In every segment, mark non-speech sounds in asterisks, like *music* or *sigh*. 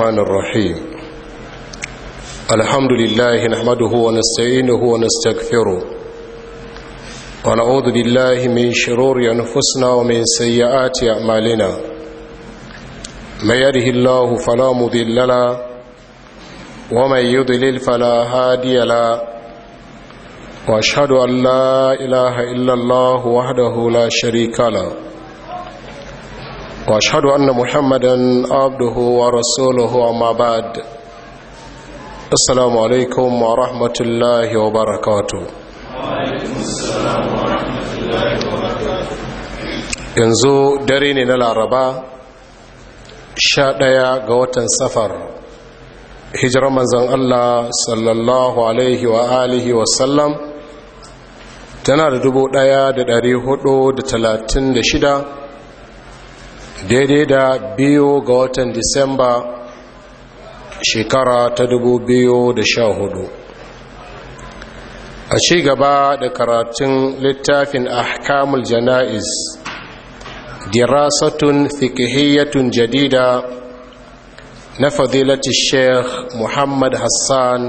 الرحمن الرحيم الحمد لله نحمده ونستعينه ونستغفره ونعوذ بالله من شرور أنفسنا ومن سيئات أعمالنا ما يده الله فلا مضل له ومن يضلل فلا هادي له وأشهد أن لا إله إلا الله وحده لا شريك له واشهد ان محمدا عبده ورسوله اما بعد السلام عليكم ورحمه الله وبركاته yanzu dare ne na laraba sha ɗaya ga watan safar hijirar manzan allah sallallahu alaihi wa alihi wasallam tana da dubu ɗaya da ɗari hudu da talatin da shida daidai da biyu ga watan disamba shekara ta dubu biyu da sha hudu a ci gaba da karatun littafin ahkamul jana'iz dirasatun fikihiyatun jadida na fadilati sheikh muhammad hassan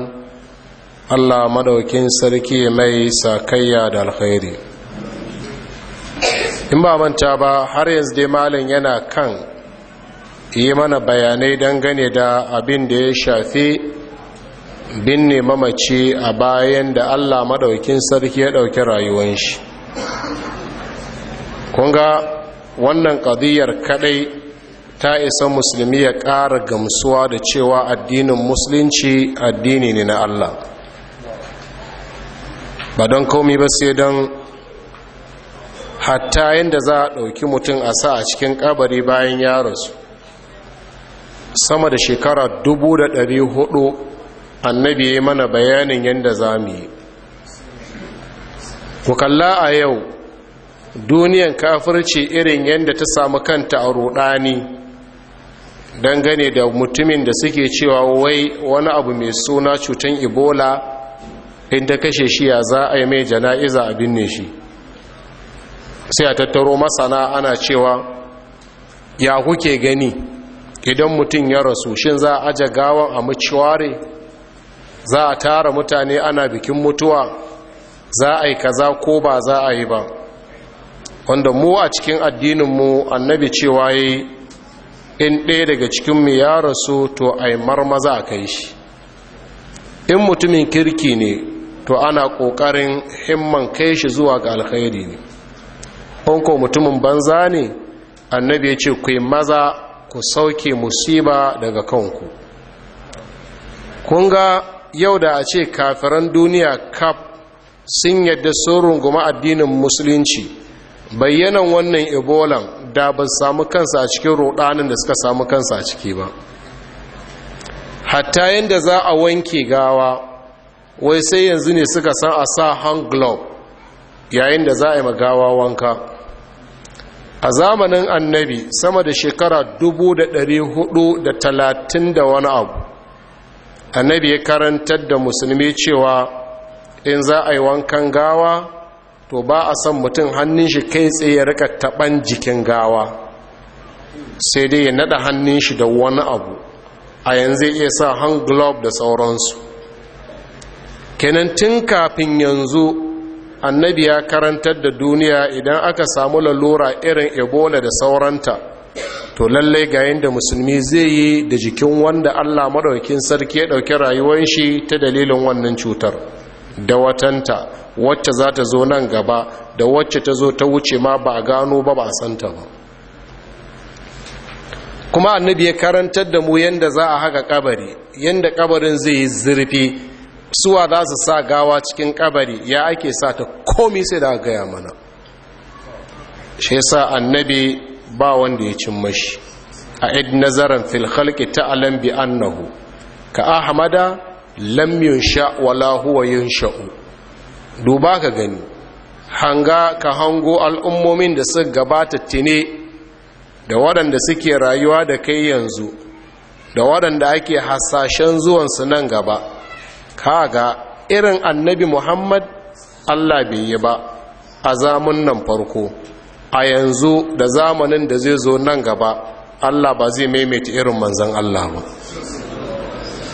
allah madaukin sarki mai sakayya da alkhairi in ba manta ba har yanzu dai malam yana kan yi mana bayanai dangane da abin da ya shafi binne mamaci a bayan da allah maɗaukin sarki ya ɗauki rayuwan shi kunga wannan ƙadiyar kaɗai ta isa musulmi ya ƙara gamsuwa da cewa addinin musulunci addini ne na allah ba don komi ba sai don hatta yadda za a ɗauki mutum a sa a cikin ƙabari bayan ya rasu sama da shekara dubu da ɗari hudu annabi ya mana bayanin yadda za mu yi ku kalla a yau duniyan kafirci irin yadda ta samu kanta a rudani dangane da mutumin da suke cewa wai wani abu mai suna cutan ebola inda kashe shi ya za a yi mai jana'iza a binne shi sai a tattaro masana ana cewa ya kuke gani idan mutum ya rasu shin za a aje gawan a muciware za a tara mutane ana bikin mutuwa za a yi kaza ko ba za a yi ba wanda mu a cikin addininmu annabi cewa yi in ɗaya daga cikin cikinmu ya rasu to a yi marmaza a kai shi in mutumin kirki ne to ana ƙoƙarin himman kai shi zuwa ga alkhairi ne Fanko mutumin banza ne annabi ya ce ku yi maza ku sauke musiba daga kanku Kunga yau da a ce kafiran duniya kaf sun yadda sun runguma addinin musulunci bayyanan wannan Ebola da ba samu kansa a cikin roɗanin da suka samu kansa a ciki ba hatta yadda za a wanke gawa wai sai yanzu ne suka san a sa hand glove yayin da za a yi magawa wanka a zamanin annabi sama da shekara dubu da da talatin da wani abu annabi ya karantar da musulmi cewa in za a yi wankan gawa to ba a san mutum hannun shi kai tsaye ya rika taɓan jikin gawa sai dai ya naɗa hannun shi da wani abu a yanzu iya sa hand glove da sauransu kenan tun kafin yanzu annabi ya karantar da duniya idan aka samu lalura irin ebola da sauranta to lallai ga da musulmi zai yi da jikin wanda allah maɗaukin sarki ya ɗauki rayuwar shi ta dalilin wannan cutar da watanta wacce za ta zo nan gaba da wacce ta zo ta wuce ma ba gano ba ba santa ba kuma annabi ya karantar da mu yadda za a haka kabari yadda kabarin zai yi zurfi suwa za su sa gawa cikin kabari ya ake sa ta komi sai da gaya mana shi sa annabi ba wanda ya cin mashi a id nazaran fil khalqi ta'lam bi annahu ka ahmada lam yunsha wala huwa yunsha duba ka gani hanga ka hango al'ummomin da suka gabata tine da waɗanda suke rayuwa da kai yanzu da waɗanda ake hasashen zuwansu nan gaba kaga irin annabi muhammad allah bai yi ba a zamun nan farko a yanzu da zamanin da zai zo nan gaba allah ba zai maimaita irin manzan allah ba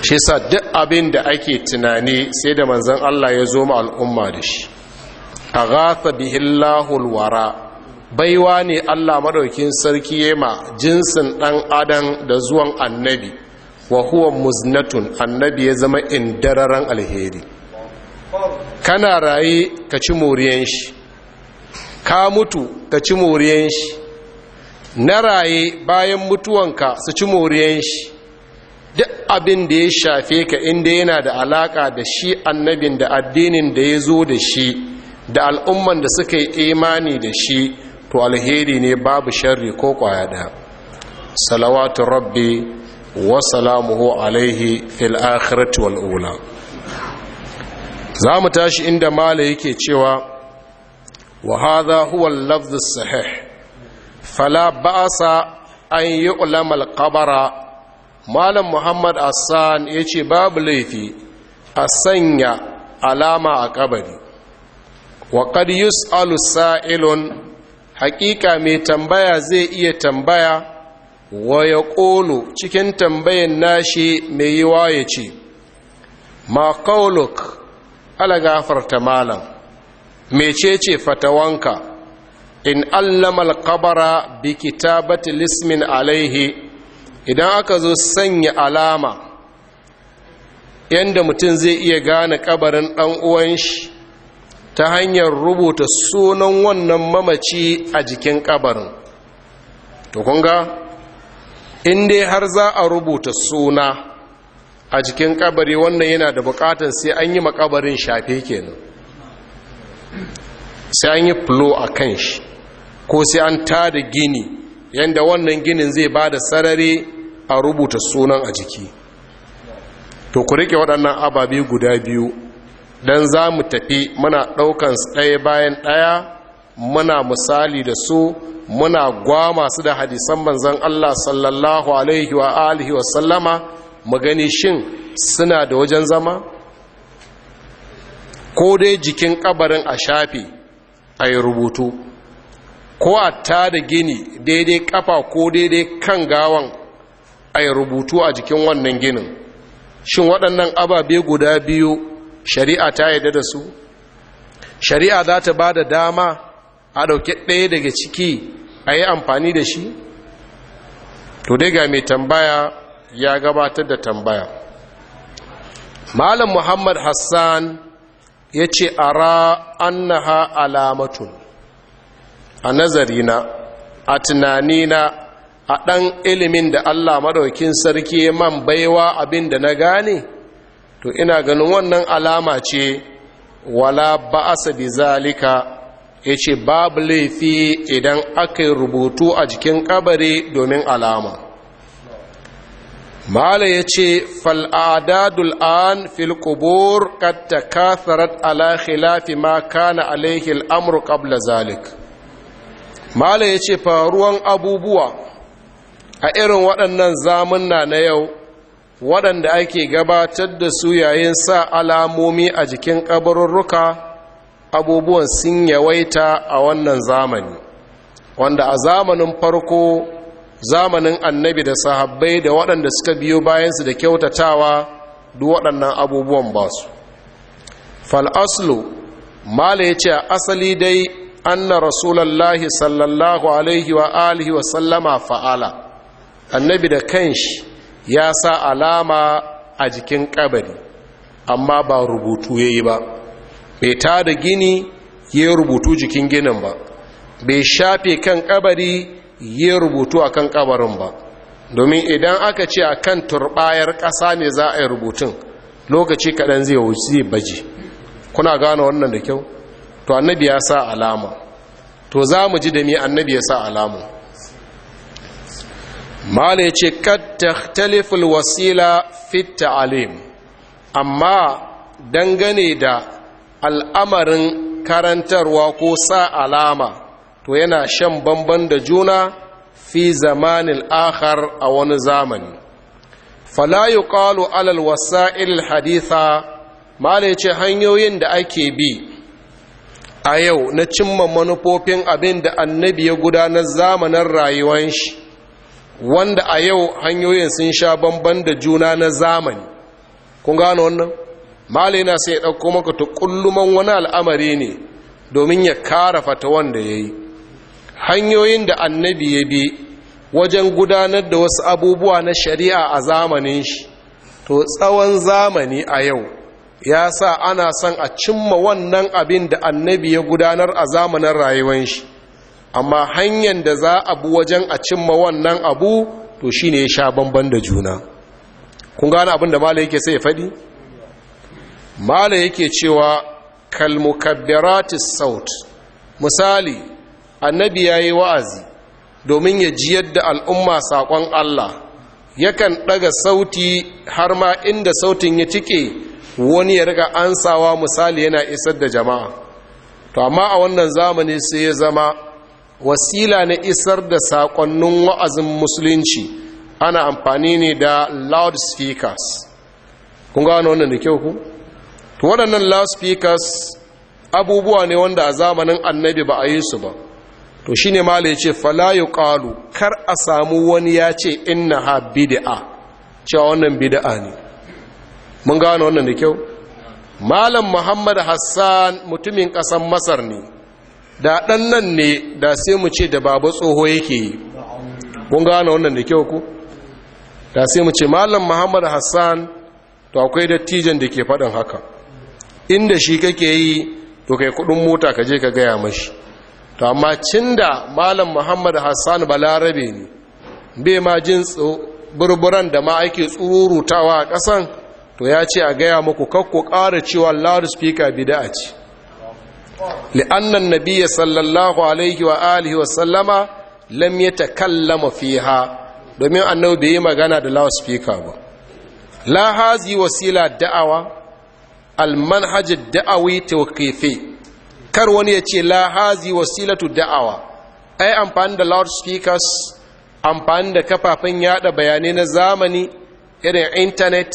shi sa duk abin da ake tunani sai da manzan allah ya zo ma al'umma da shi a gafa bihillahul wara baiwa ne allah maɗaukin sarki ya ma jinsin ɗan adam da zuwan annabi wa huwa muznatun annabi ya zama indararan alheri kana raye ka ci moriyan shi ka mutu ka ci moriyan shi na raye bayan mutuwanka su ci moriyan shi duk abin da ya shafe ka inda yana da alaka da shi annabin da addinin da ya zo da shi da al'umman da suka yi imani da shi to alheri ne babu sharri ko kwaya ɗaya salawatu rabbi wasalamuhu alaihi fil akhirati wal ula zamu tashi inda mala yake cewa wa hadha huwa al-lafz as-sahih fala ba'sa an yu'lama al-qabara malam muhammad assan yace babu laifi a sanya alama a kabari wa qad yus'alu sa'ilun haƙiƙa mai tambaya zai iya tambaya wa ya ƙolo cikin tambayin nashi mai yiwa ya ce ma ƙaunuk ala gafarta malam mecece fatawanka in allama alƙabara bi kitabati lismin alaihi idan aka zo sanya alama yadda mutum zai iya gane kabarin ɗan uwan shi ta hanyar rubuta sunan wannan mamaci a jikin kabarin to in dai har za a rubuta suna a jikin kabari wannan yana da bukatar sai an yi makabarin shafe kenan sai an yi flo a kan shi ko sai an tada gini yadda wannan ginin zai ba da sarari a rubuta sunan a jiki to ku rike waɗannan ababi guda biyu don za mu tafi muna ɗaukansu ɗaya bayan ɗaya muna misali da su muna gwama su da hadisan manzan Allah sallallahu alaihi wa alihi wa sallama mu gani shin suna da wajen zama ko dai jikin kabarin a shafi a yi rubutu ko a ta da gini daidai kafa ko daidai kan gawan a yi rubutu a jikin wannan ginin shin waɗannan ababe guda biyu shari'a ta yarda da su shari'a za ta ba da dama a ɗauki ɗaya daga ciki a yi amfani da shi to dai ga mai tambaya ya gabatar da tambaya malam muhammad hassan ya ce a ra annaha alamatun a nazarina a tunanina a ɗan ilimin da allah maɗaukin sarki man baiwa abin da na gane to ina ganin wannan alama ce wala ba'asa bi zalika ya ce babu laifi idan aka rubutu a jikin kabari domin alama mala ya ce fal'adadul an fil kubur katta katharat ala khilafi ma kana alaihi al'amur qabla zalik mala ya ce faruwan abubuwa a irin waɗannan zamunna na yau waɗanda ake gabatar da su yayin sa alamomi a jikin ƙabarurruka abubuwan sun yawaita a wannan zamani wanda a zamanin farko zamanin annabi da sahabbai da waɗanda suka biyo bayansu da kyautatawa duk waɗannan abubuwan ba su fal'aslu mala ya ce a asali dai anna Rasulallah sallallahu alaihi wa alihi wa sallama fa'ala annabi da kanshi ya sa alama a jikin kabari amma ba rubutu ya yi ba bai ta da gini ya rubutu jikin ginin ba bai shafe kan kabari ya rubutu a kan kabarin ba domin idan aka ce a kan turbayar ƙasa ne za a yi rubutun lokaci kaɗan zai wuce baji kuna gane wannan da kyau to annabi ya sa alama to za mu ji da mi annabi ya sa alamu mala ya ce kad wasila fit ta'alim amma dangane da al'amarin karantarwa ko sa alama to yana shan bamban da juna fi zamanin akhar a wani zamani fala yuqalu alal wasa'il haditha mala yace hanyoyin da ake bi a yau na cimma manufofin abin da annabi ya gudanar zamanin rayuwar shi wanda a yau hanyoyin sun sha bamban da juna na zamani kun gano wannan malina sai ya ɗauko maka ta kulluman wani al'amari ne domin ya kara fata wanda ya yi hanyoyin da annabi ya bi wajen gudanar da wasu abubuwa na shari'a a zamanin shi to tsawon zamani a yau ya sa ana son a cimma wannan abin da annabi ya gudanar a zamanin rayuwar shi amma hanyar da za a bu wajen a cimma wannan abu to shine ya sha bamban da juna kun gane abin da malai yake sai ya faɗi mala yake cewa kalmukabbiratis saut misali annabi ya yi wa'azi domin ya ji yadda al'umma saƙon Allah yakan ɗaga sauti har ma inda sautin ya cike wani ya riga ansawa misali yana isar da jama'a to amma a wannan zamani sai ya zama wasila na isar da saƙonnin wa'azin musulunci ana amfani ne da loudspeakers kun gano wannan da kyau ku? to waɗannan loudspeakers abubuwa ne wanda a zamanin annabi ba a yi su ba to shi ne mala ya ce falayu ƙalu kar a samu wani ya ce ina ha bida'a cewa wannan bida'a ne mun gano wannan da kyau malam muhammad hassan mutumin ƙasan masar ne da ɗan nan ne da sai mu ce da baba tsoho yake yi Mun gano wannan da kyau ku da sai mu ce malam muhammad hassan to akwai dattijan da ke faɗin haka inda shi kake yi to kai kudin mota ka je ka gaya mashi to amma cinda malam muhammad hassan balarabe ne bai ma jin burburan da ma ake tsurutawa a ƙasan to ya ce a gaya muku kakko ƙara cewa loudspeaker bida a ce li'annan nabiya sallallahu alaihi wa alihi wa sallama lam ya takallama fiha domin annabi bai yi magana da loudspeaker ba la hazi wasila da'awa almanhajid da'awi tawqifi kar wani ya ce la wasilatu da'awa ai amfani da loud speakers amfani da kafafen yada bayanai na zamani irin intanet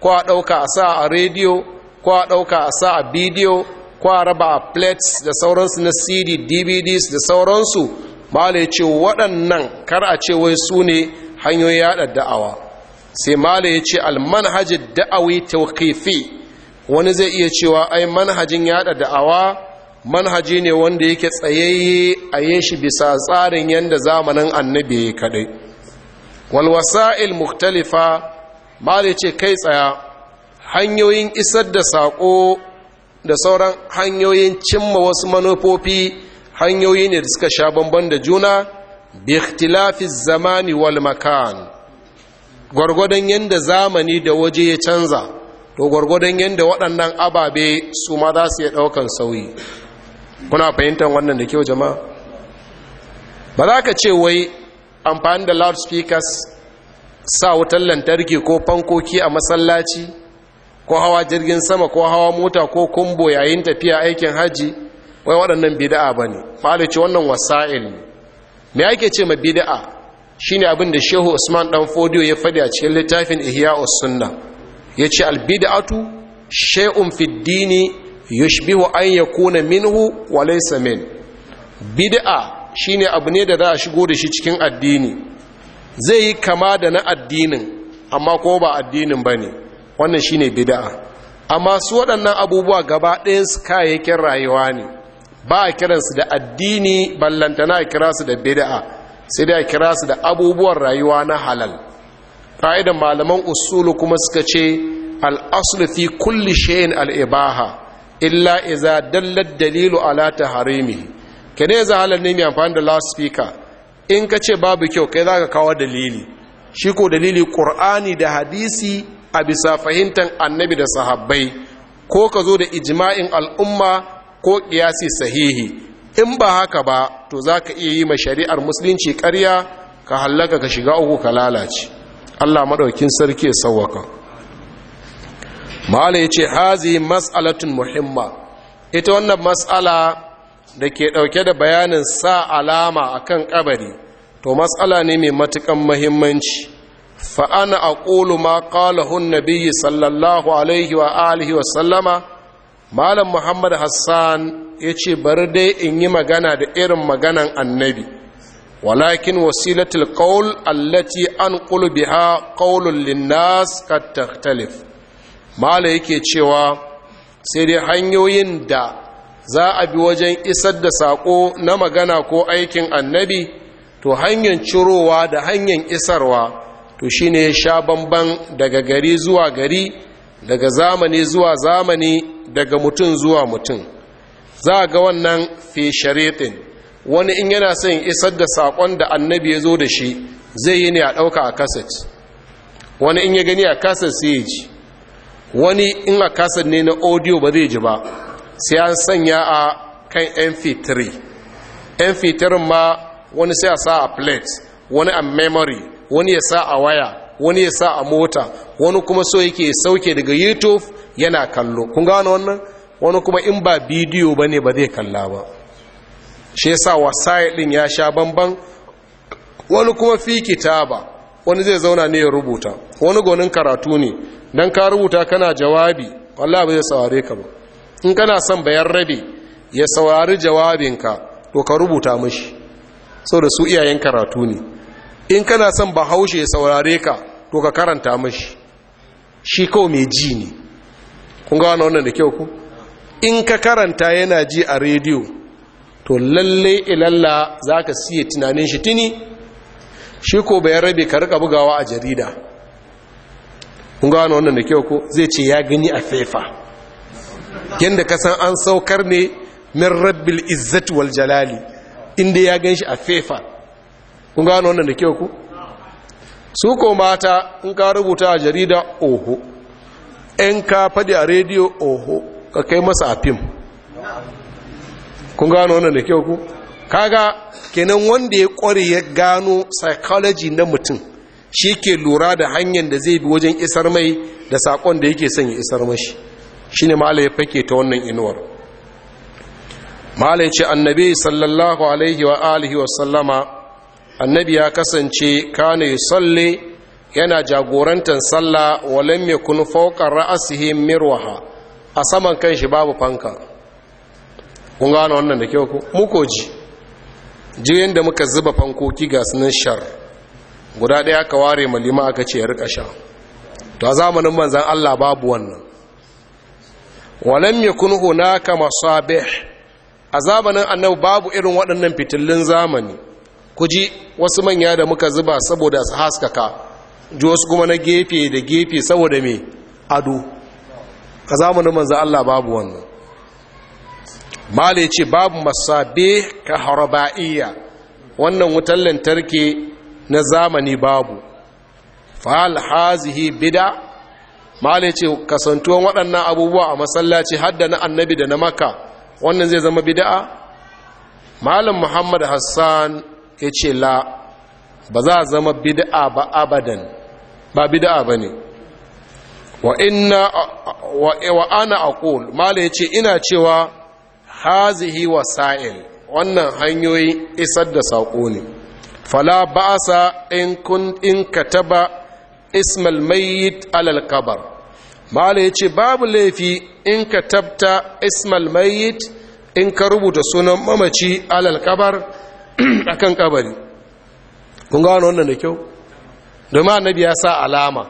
ko a dauka a sa a rediyo ko a dauka a sa a bidiyo ko a raba a plates da sauransu na cd dvds da sauransu mala ya ce waɗannan kar a ce wai su ne hanyoyin yada da'awa sai mala ya ce almanhajid da'awi tawqifi wani zai iya cewa ai manhajin yada da'awa manhaji ne wanda yake tsayayye a yin shi bisa tsarin yadda zamanin annabi ya kaɗai walwasa'il muktalifa ba da ce kai tsaya hanyoyin isar da saƙo da sauran hanyoyin cimma wasu manufofi hanyoyi ne da suka sha bamban da juna bi ikhtilafi zamani wal makan gwargwadon yadda zamani da waje ya canza to gwargwadon yadda waɗannan ababe su ma za su iya ɗaukan sauyi kuna fahimtar wannan da kyau jama'a ba za ka ce wai amfani da loudspeakers sa wutar lantarki ko fankoki a masallaci ko hawa jirgin sama ko hawa mota ko kumbo yayin tafiya aikin hajji wai waɗannan bida'a ba ne falici wannan wasa'il ne me ake ce ma bida'a shine abin da shehu usman dan fodiyo ya faɗi a cikin littafin ihya sunna ya ce albida'atu shay'un fi dini yushbihu an yakuna minhu wa laysa min bid'a shine abu ne da za a shigo da shi cikin addini zai yi kama da na addinin amma ko ba addinin ba ne wannan shine bid'a amma su waɗannan abubuwa gaba ɗaya su kayayyakin rayuwa ne ba a kiransu da addini ballantana a kira su da bid'a sai dai a kira su da abubuwan rayuwa na halal ka'ida malaman usulu kuma suka ce al'aslu fi kulli shayin al'ibaha illa iza dallar dalilu ala ta harimi ka ne za halar nemi amfani da speaker in ka ce babu kyau kai za ka kawo dalili shi ko dalili ƙur'ani da hadisi a bisa fahimtar annabi da sahabbai ko ka zo da ijma'in al'umma ko ƙiyasi sahihi in ba haka ba to za ka iya yi ma shari'ar musulunci karya? ka hallaka ka shiga uku ka lalace Allah madaukin sarki ya sawwaka mala yace hazi mas'alatun muhimma ita wannan mas'ala da ke ɗauke da bayanin sa alama akan kabari to mas'ala ne mai matukan muhimmanci fa ana aqulu ma qalahu an sallallahu alaihi wa alihi wa sallama malam muhammad hassan yace bari dai in yi magana da irin maganan annabi walakin wasilatul القول allati أنقل biha قول للناس قد تختلف ما yake cewa sai dai hanyoyin da za a bi wajen isar da sako na magana ko aikin annabi to hanyar cirowa da hanyar isarwa to shine sha bamban daga gari zuwa gari daga zamani zuwa zamani daga mutum zuwa mutum za ga wannan fi sharitin wani in yana son isar da sakon da annabi ya zo da shi zai yi ne a ɗauka a kasat wani in ya gani a kasat sai ya ji wani in a kasat ne na audio ba zai ji ba sai an sanya a kan mp3 mp3 ma wani sai a sa a plate wani a memory wani ya sa a waya wani ya sa a mota wani kuma so yake sauke daga youtube yana kallo kun gano wannan wani kuma in ba bidiyo ba ne ba zai kalla ba shi yasa wasaya din ya sha bamban wani kuma fi kitaba wani zai zauna ne ya rubuta wani gonin karatu ne dan ka rubuta kana jawabi wallahi ba zai saware ka ba in kana son bayan rabe ya saurari jawabinka to ka rubuta mishi saboda su iyayen karatu ne in kana son bahaushe ya saurare ka to ka karanta mishi shi kawai mai ji ne kun ga wannan da kyau ku in ka karanta yana ji a rediyo to lalle ilalla za ka siya tunanin shi tuni shi ko bayan rabe ka rika bugawa a jarida kun gano wannan da kyau ko zai ce ya gani a faifa yadda ka san an saukar ne min rabbil izzat wal jalali inda ya gan shi a faifa kun gano wannan da kyau ko su ko mata in ka rubuta a jarida oho in ka faɗi a rediyo oho ka kai masa a fim kun gano wannan da kyau ku kaga kenan wanda ya kware ya gano psychology na mutum shi ke lura da hanyar da zai bi wajen isar mai da sakon da yake son ya isar mashi Shin ma'ala ya fake ta wannan inuwar ma'ala ya ce annabi sallallahu alaihi wa alihi wa sallama annabi ya kasance kana yusalli yana jagorantar sallah wa kun yakun ra'asihin mirwaha a saman kanshi babu fanka kun gano wannan da kyau ko ji jiyoyin da muka zuba fankoki ga sunan shar guda ɗaya ka ware malima aka ce ya rika sha to a zamanin manzan Allah babu wannan walam yakun hunaka masabih a zamanin annabi babu irin waɗannan fitillun zamani ku ji wasu manya da muka zuba saboda su haskaka ji wasu kuma na gefe da gefe saboda mai ado a zamanin manzan Allah babu wannan mala ya ce babu masabe ka haraba'iyya wannan wutan lantarki na zamani babu fa'al hazihi bida mala ya ce kasantuwan waɗannan abubuwa a masallaci hadda na annabi da na maka wannan zai zama bida'a malam muhammad hassan ya ce la ba za a zama bida'a ba abadan ba bida'a ba ne wa ana a mala ya ce ina cewa hazihi wasa'il wannan hanyoyi isar da saƙo ne fala ba'asa in kun in ismal yi alal kabar ya yace babu laifi in ka tabta ismal yi, in ka rubuta sunan mamaci alal kabar akan *clears throat* kabari kun gano wannan da kyau domin annabi ya sa alama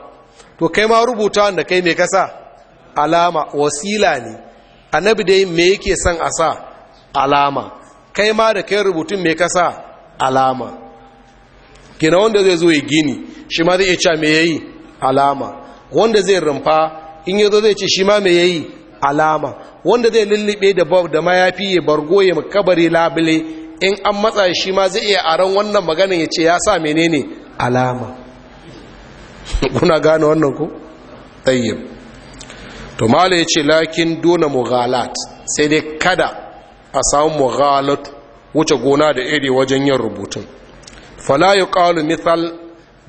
to kai ma rubuta wanda kai mai kasa alama wasila ne annabi dai me yake son a sa alama kai ma da kai rubutun me ka sa alama kina wanda zai zo ya gini shi ma zai ce yayi alama wanda zai rumfa in yazo zai ce shi ma me yayi alama wanda zai lullube da bab da mayafi ya bargo ya makabari labule in an matsa shi ma zai iya aron wannan maganin ya ce ya sa menene alama *laughs* kuna gane wannan ku? tayyib to mala ya ce lakin mu mughalat sai dai kada a samu mughalat wuce gona da iri wajen yin rubutun fala yuqalu mithal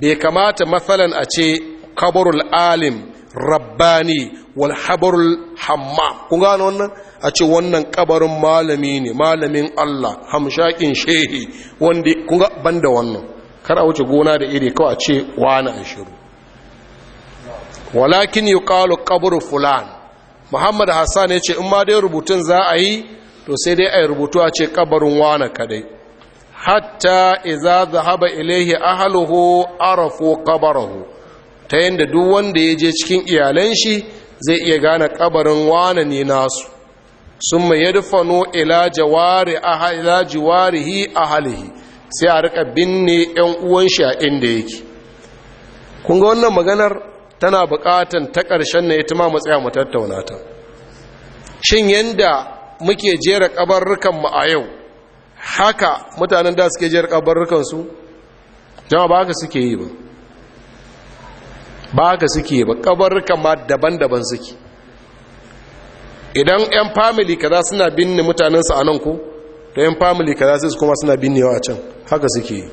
bai kamata matsalan a ce kabarul alim rabbani wal habarul hamma kun gano wannan a ce wannan kabarin malami ne malamin Allah hamshakin shehi wanda kun ga banda wannan kar a wuce gona da iri kawai a ce wani an shiru walakin yuqalu qabru fulan Muhammadu hassan ya ce in ma dai rubutun za a yi to sai dai a yi rubutu a ce kabarin wana kadai hatta iza zahaba ilaihi ahluhu arafu ƙabarahu, ta yadda duk wanda ya je cikin iyalan shi zai iya gane kabarin wana ne nasu sun yadfanu ila jawari ahla ahalihi sai a rika binne yan uwan shi a inda yake kun ga wannan maganar tana buƙatan ta ƙarshen na ita ma mu tsaya mu tattauna ta shin yanda muke jera kabarrukan mu a yau haka mutanen da suke jera kabarrukan su jama'a ba haka suke yi ba ba haka suke ba kabarrukan ma daban-daban suke idan yan family kaza suna binne mutanensu a nan ko da yan family kaza sai su kuma suna binnewa a can haka suke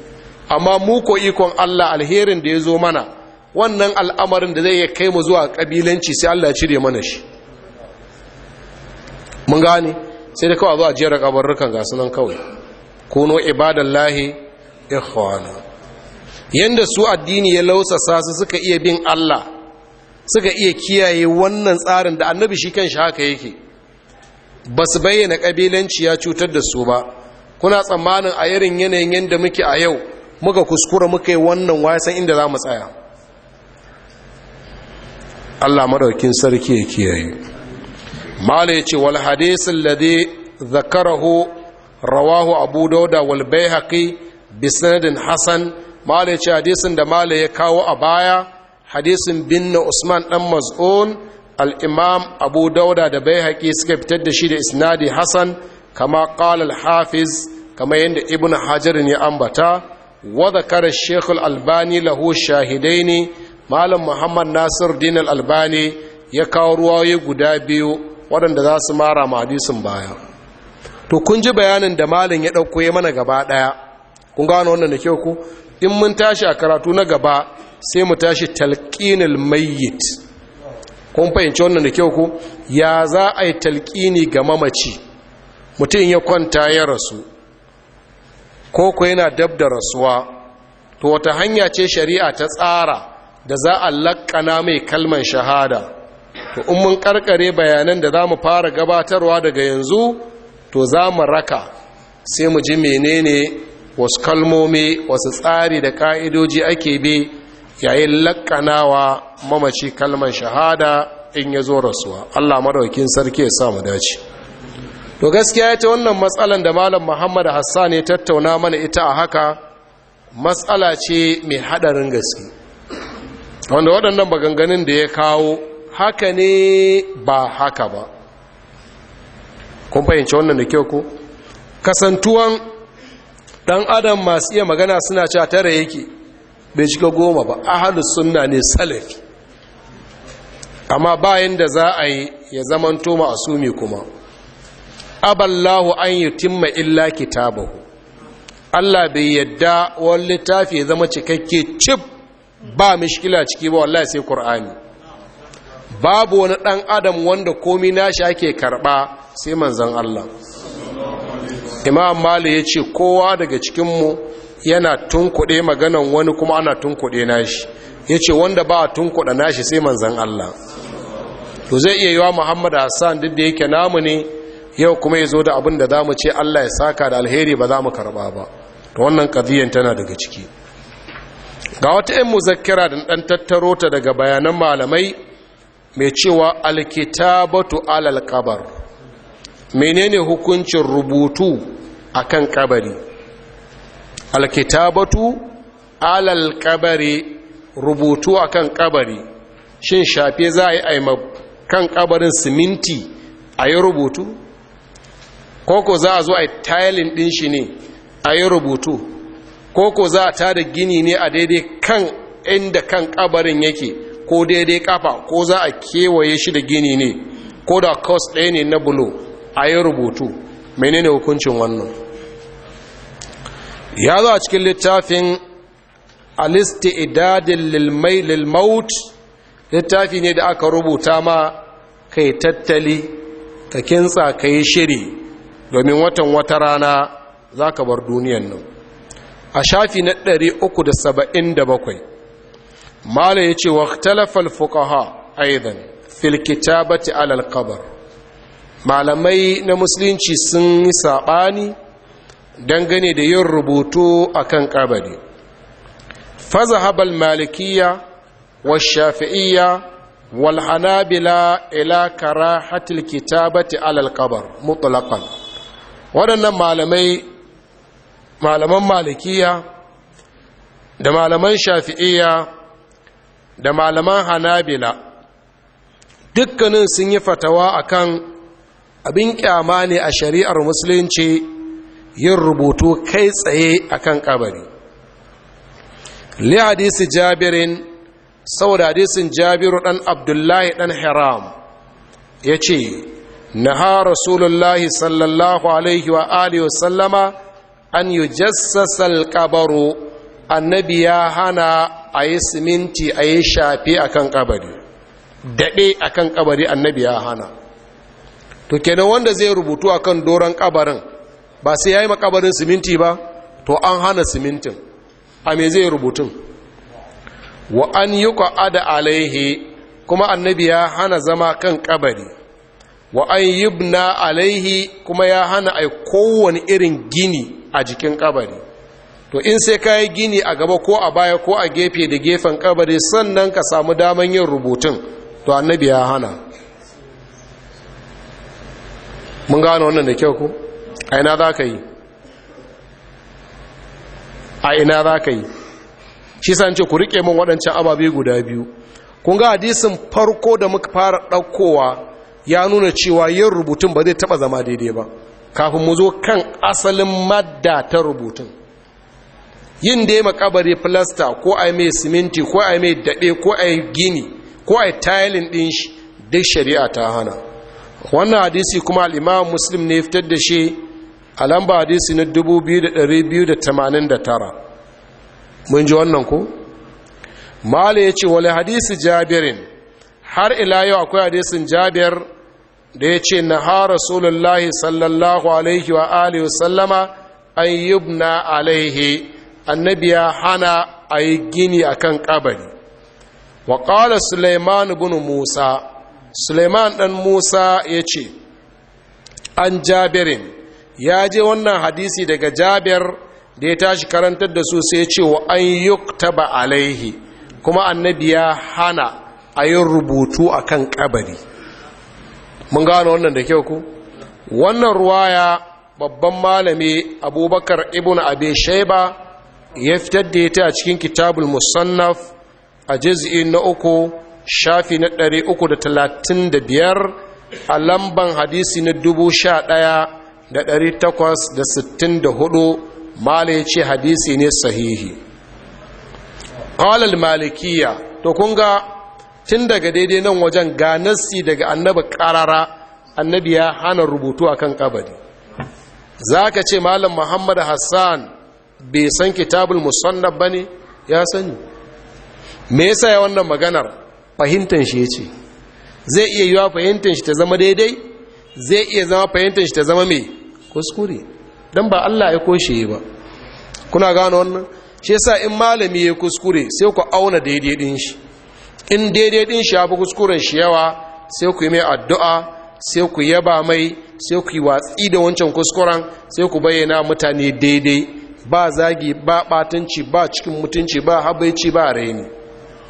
amma mu ko ikon Allah alherin da ya zo mana wannan al'amarin da zai kai mu zuwa kabilanci sai Allah ya cire mana shi mun gane sai da kawai zuwa jera kabarrukan gasu nan kawai kuno ibadallahi Ikhwanu. yanda su addini ya lausasa su suka iya bin Allah suka iya kiyaye wannan tsarin da annabi shi kanshi haka yake ba su bayyana kabilanci ya cutar da su ba kuna tsammanin a irin yanayin yadda muke a yau muka kuskura muka yi wannan wasan inda za mu tsaya Allah madaukin sarki ya kiyaye mala yace wal hadith alladhi zakarahu rawahu abu dauda wal baihaqi bi sanadin hasan mala hadisin da mala ya kawo a baya hadisin binne usman dan maz'un al-imam abu dauda da haƙi suka fitar da shi da isnadi Hassan, kama ƙalal hafiz kama yadda ibnu hajar ya ambata wa zakara albani lahu shahidaini malam muhammad nasir din albani ya kawo ruwaye guda biyu waɗanda za su mara ma hadisin baya to kun ji bayanin da malam ya ɗauko ya mana gaba ɗaya kun gano wannan da kyau ku in mun tashi a karatu na gaba sai mu tashi talqinul mayyit kun fahimci wannan da kyau ku ya za a yi talqini ga mamaci mutum ya kwanta ya rasu ko ko yana dab da rasuwa to wata hanya ce shari'a ta tsara da za a lakkana mai kalman shahada to in mun karkare bayanan da za mu fara gabatarwa daga yanzu to za mu raka sai mu ji menene wasu kalmomi wasu tsari da ka'idoji ake bi yayin wa mamaci kalman shahada in ya zo rasuwa allah maɗaukin sarki ya sa mu dace to gaskiya ta wannan matsalan da malam muhammad hassan ya tattauna mana ita a haka matsala ce mai haɗarin gaske wanda waɗannan maganganun da ya kawo haka ne ba haka ba kun fahimci wannan da kyau ko kasantuwan ɗan adam masu iya magana suna cewa tara yake bai shiga goma ba ahalus suna ne salafi amma bayan da za a yi ya zaman toma a sumi kuma aballahu an yi timma illa kitabahu Allah bai yadda wani littafi ya zama cikakke cip ba mishkila ciki ba wallahi sai qur'ani babu wani dan adam wanda komai nashi ake karba sai manzon Allah imam mali yace kowa daga cikinmu yana tunkuɗe maganan wani kuma ana tunkuɗe nashi yace wanda ba tunkuɗa nashi sai manzan Allah to zai iya yiwa muhammad hassan duk da yake namu ne yau kuma ya zo da abin da zamu ce Allah ya saka da alheri ba za mu karɓa ba to wannan qadiyan tana daga ciki ga wata 'yan muzakkira da ɗan tattaro ta daga bayanan malamai mai cewa alkitabatu alal kabar menene hukuncin rubutu akan kabari alkitabatu alal kabari rubutu akan kabari shin shafe za a yi aima kan kabarin siminti a yi rubutu koko za a zo a yi tayalin ɗin shi ne a yi rubutu ko ko za a tada gini ne a daidai kan inda kan kabarin yake ko daidai kafa ko za a kewaye shi da gini ne ko da kos ɗaya ne na bulo a yi rubutu menene hukuncin wannan ya zo a cikin littafin alisti idadin lilmaut littafi ne da aka rubuta ma kai tattali ka kintsa ka yi shiri domin watan wata rana za ka bar duniyan nan a shafi na 377 mala ya ce wa talafal fukaha aidan filkita bati alal kabar malamai na musulunci sun yi saɓani dangane da yin rubutu a kan ƙabari habal malikiya wa shafi'iyya wal hanabila ila karahatil kitabati alal kabar mutlaqan waɗannan malamai malaman malikiya da malaman shafi'iya da malaman hanabila dukkanin sun yi fatawa a kan abin kyama ne a shari'ar musulunci yin rubutu kai tsaye akan kabari li hadisi jabirin saboda hadisin jabiru ɗan abdullahi ɗan Hiram ya ce na ha rasulullahi sallallahu alaihi wa alihi wasallama an yi jassasal kabaro annabi ya hana a yi siminti a yi shafe a kan kabari daɗe a kan kabari annabi ya hana to kenan wanda zai rubutu a kan doron kabarin ba sai ya yi makabarin siminti ba to an hana simintin a me zai rubutun wa an yi kwa'ada alaihe kuma annabi ya hana zama kan kabari wa an yibna alaihi kuma ya hana ai kowane irin gini a jikin kabari to in sai ka yi gini a gaba ko a baya ko a gefe da gefen kabari sannan ka samu daman yin rubutun to annabi ya hana mun gano wannan da kyau ku a ina za ka yi a ina za ka yi shi sa ce ku riƙe min waɗancan ababe guda biyu kun ga hadisin farko da muka fara ɗaukowa ya nuna cewa yin rubutun ba zai taɓa zama daidai ba kafin mu zo kan asalin madda ta rubutun yin da ya makabari filasta ko a mai siminti ko a mai daɓe ko a gini ko a tayilin ɗin shi duk shari'a ta hana wannan hadisi kuma al'imam muslim ne fitar da shi a lamba hadisi na 2289 mun ji wannan ko? mala ya ce wale hadisi jabirin har ila yau akwai hadisin jabir da ya ce na ha rasulullahi sallallahu alaihi wa alihi sallama an yubna alaihi annabi ya hana a yi gini a kan ƙabari wa ƙala suleiman bin musa suleiman ɗan musa ya ce an jabirin ya je wannan hadisi daga jabir da ya tashi karantar da su sai ce wa an yuktaba alaihi kuma annabi ya hana a yin rubutu a kan ƙabari mun gano wannan da kyau ku wannan ruwaya babban malami abubakar ibn abi shaiba ya fitar da ita a cikin kitabul musannaf a juz'i na uku shafi na ɗari uku da talatin da biyar a lamban hadisi na dubu sha ɗaya da ɗari takwas da sittin da hudu mala ya ce hadisi ne sahihi ƙalal malikiya to kun ga tun daga daidai nan wajen ga daga annabi karara annabi ya hana rubutu akan kabari Za ka ce malam muhammad hassan bai san kitabul musannab ne? ya sani me yasa ya wannan maganar fahimtar shi ya ce. zai iya yiwa fahimtar shi ta zama daidai zai iya zama fahimtar shi ta zama mai? kuskure dan ba Allah ya koshe ba kuna gano wannan shi yasa in malami ya kuskure sai ku auna daidai din shi in daidai din shi kuskuren shi yawa sai ku yi mai addu'a sai ku yaba mai sai ku yi watsi da wancan kuskuren sai ku bayyana mutane daidai ba zagi ba batanci ba cikin mutunci ba habaici ba raini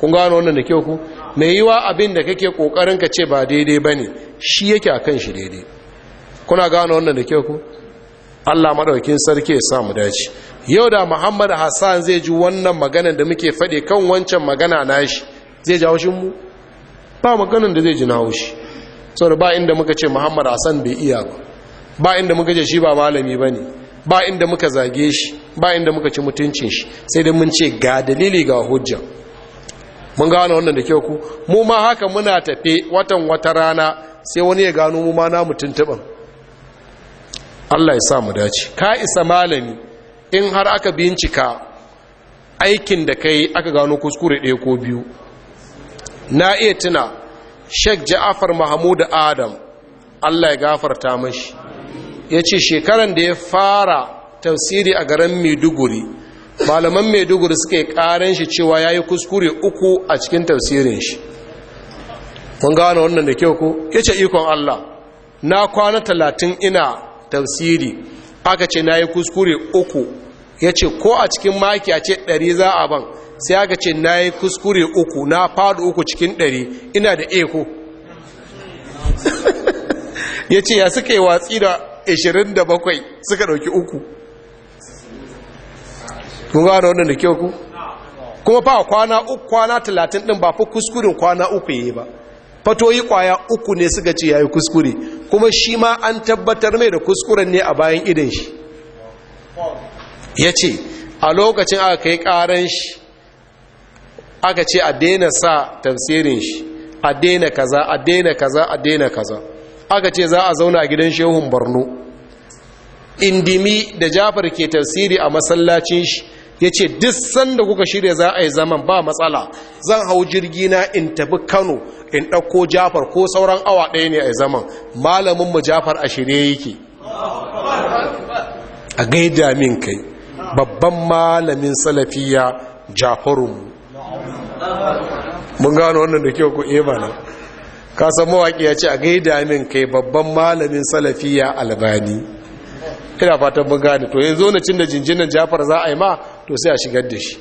kun gano wannan da kyau ku mai wa abin da kake kokarin ka ce ba daidai bane shi yake akan shi daidai kuna gano wannan da kyau ku Allah maɗaukin sarki ya samu dace yau da Muhammad Hassan zai ji wannan magana da muke faɗi kan wancan magana nashi zai ji haushin mu ba maganin da zai ji na haushi saboda ba inda muka ce muhammadu hassan bai iya ba ba inda muka ce shi ba malami ba ne ba inda muka zage shi ba inda muka ci mutuncin shi sai dai mun ce ga dalili ga hujja mun gano wannan da kyau ku mu ma haka muna tafe watan wata rana sai wani ya gano mu ma na mutuntuban Allah ya sa mu dace ka isa malami in har aka bincika aikin da kai aka gano kuskure ɗaya ko biyu na iya tuna sheikh ja'afar mahmud adam allah ya gafarta mashi ya ce shekaran da ya fara tafsiri a garin maiduguri malaman maiduguri suka yi karin shi cewa ya yi kuskure uku a cikin tafsirin shi kun gano wannan da kyau ko ya ce ikon allah na kwana talatin ina tafsiri aka ce na yi kuskure uku ya ce ko a cikin maki a ce ɗari za a ban sai aka ce na yi kuskure uku na faɗi uku cikin ɗari ina da eko *laughs* ya ce ya suka yi watsi da 27 suka ɗauki uku Kuma gano wannan da kyau ku kuma fa kwana uku kwana talatin ɗin ba fa kuskurin kwana uku yi ba fatoyi kwaya uku ne suka ce ya yi kuskure kuma shi ma an tabbatar mai da kuskuren ne a bayan idan shi ya ce a lokacin aka kai ƙaran shi aka ce a daina sa tafsirin shi a daina kaza a daina kaza a daina kaza aka ce za a zauna a gidan shehun barno. indimi da jafar ke tafsiri a masallacin shi ya ce duk sanda kuka shirya za a yi zaman ba matsala zan hau jirgi na in tafi kano in ɗauko jafar ko sauran awa ɗaya ne a yi zaman malaminmu jafar a shirye yake a gaida min kai babban malamin salafiya jafarunmu mun gano wannan da kyau ku iya eh, bana ka san mawaki ya ce a gaida min kai babban malamin salafiya albani ina fatan mun gane to yanzu na cin da jinjinan jafar za a yi ma to sai a shigar da shi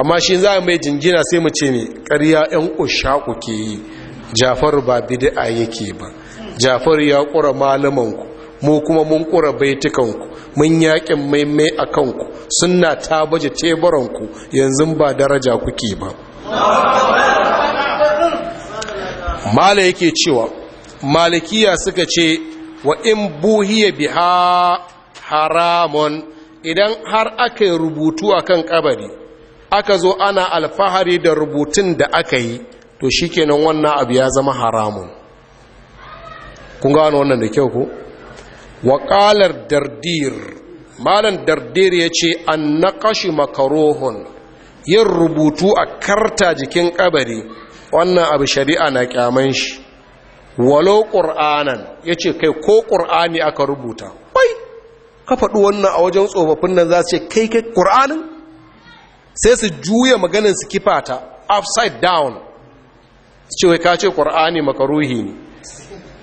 amma shi za a mai jinjina sai mu ce ne ƙarya 'yan ushaku ke yi jafar ba bid'a yake ba jafar ya ƙura ku mu kuma mun ƙura ku mun yaƙin maimai a kanku suna ta baje teburan ku yanzu ba daraja kuke ba mala yake cewa malikiya suka ce wa in buhiya biha haramun idan har aka yi rubutu a kan kabari aka zo ana alfahari da rubutun da aka yi to shikenan wannan abu ya zama haramun kun gano wannan da kyau ku waƙalar dardir malan dardir ya ce an naƙashi makarohun yin rubutu a karta jikin kabari wannan abu shari'a na kyaman shi Walo ƙur'anan ya ce kai ko ƙur'ani aka rubuta bai ka faɗi wannan a wajen tsofaffin nan za su ce kai kai ƙur'anin sai su juya maganin su kifa ta upside down su ce wai ka ce ƙur'ani makaruhi ne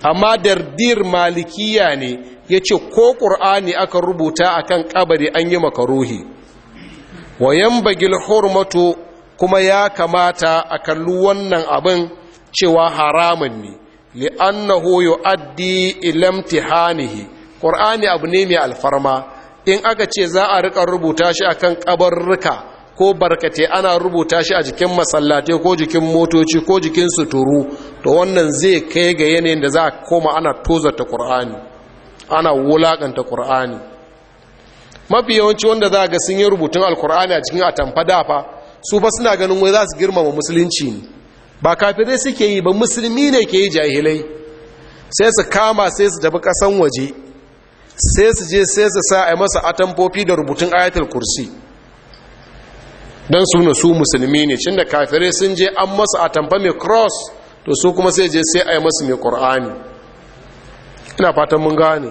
amma dardir malikiya ne ya ce ko ƙur'ani aka rubuta akan kabari an yi makaruhi wa yan bagil hurmatu kuma ya kamata a kalli wannan abin cewa haramun ne annahu yu'addi ila imtihanihi qur'ani abu ne mai alfarma in aka ce za a rika rubuta shi akan kabarruka ko barkate ana rubuta shi a jikin masallatai ko jikin motoci ko jikin suturu to wannan zai kai ga yanayin da za a koma ana tozarta qur'ani ana wulakanta qur'ani mafi yawanci wanda za ga sun yi rubutun alkur'ani a cikin atamfa dafa su fa suna ganin wai za su girmama musulunci ne ba kafirai suke yi ba musulmi ne ke yi jahilai sai su kama sai su tafi kasan waje sai su je sai su sa a masa atamfofi da rubutun ayatul kursi don su su musulmi ne cin da kafirai sun je an masa atamfa mai cross to su kuma sai je sai a yi masa mai kur'ani. ina fatan mun gane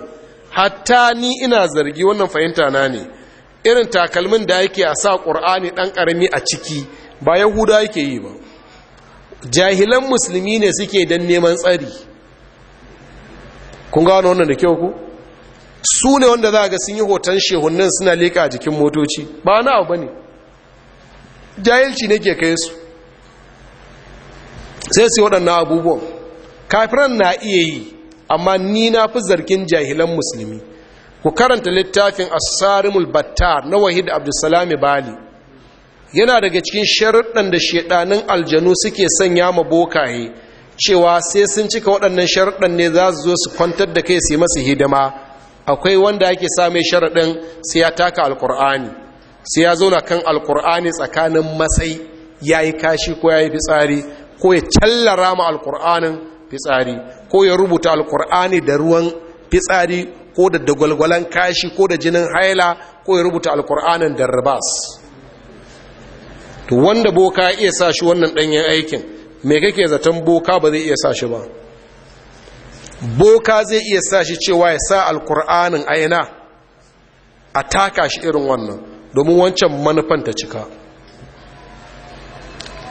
hatta ni ina zargi wannan fahimta na ne irin takalmin da yake a sa ƙur'ani ɗan ƙarami a ciki ba yahuda yake yi ba jahilan musulmi ne suke don neman tsari kun gano wannan da kyau ku su ne wanda za a ga sun yi hoton shehunan suna leƙa a jikin motoci ba na abu ba ne jahilci ne ke kai su sai su yi waɗannan abubuwan kafiran na iya yi amma ni na fi zargin jahilan musulmi ku karanta littafin asarimul battar na wahid abdulsalami bali yana daga cikin sharuɗan da shaɗanin aljanu suke sanya ma bokaye cewa sai sun cika waɗannan sharuɗan ne za su zo su kwantar da kai su masu hidima akwai wanda ake same sharaɗin sai ya taka alkur'ani sai ya zauna kan alkur'ani tsakanin matsayi ya yi kashi ko ya yi fitsari ko ya tallara ma alkur'anin fitsari ko ya rubuta alkur'ani da ruwan fitsari ko da dagwalgwalan kashi ko da jinin haila ko ya rubuta alkur'anin darrabas to wanda boka iya sa shi wannan ɗanyen aikin mai kake zaton boka ba zai iya sa shi ba boka zai iya sa shi cewa ya sa alkur'anin aina a taka shi irin wannan domin wancan manufan ta cika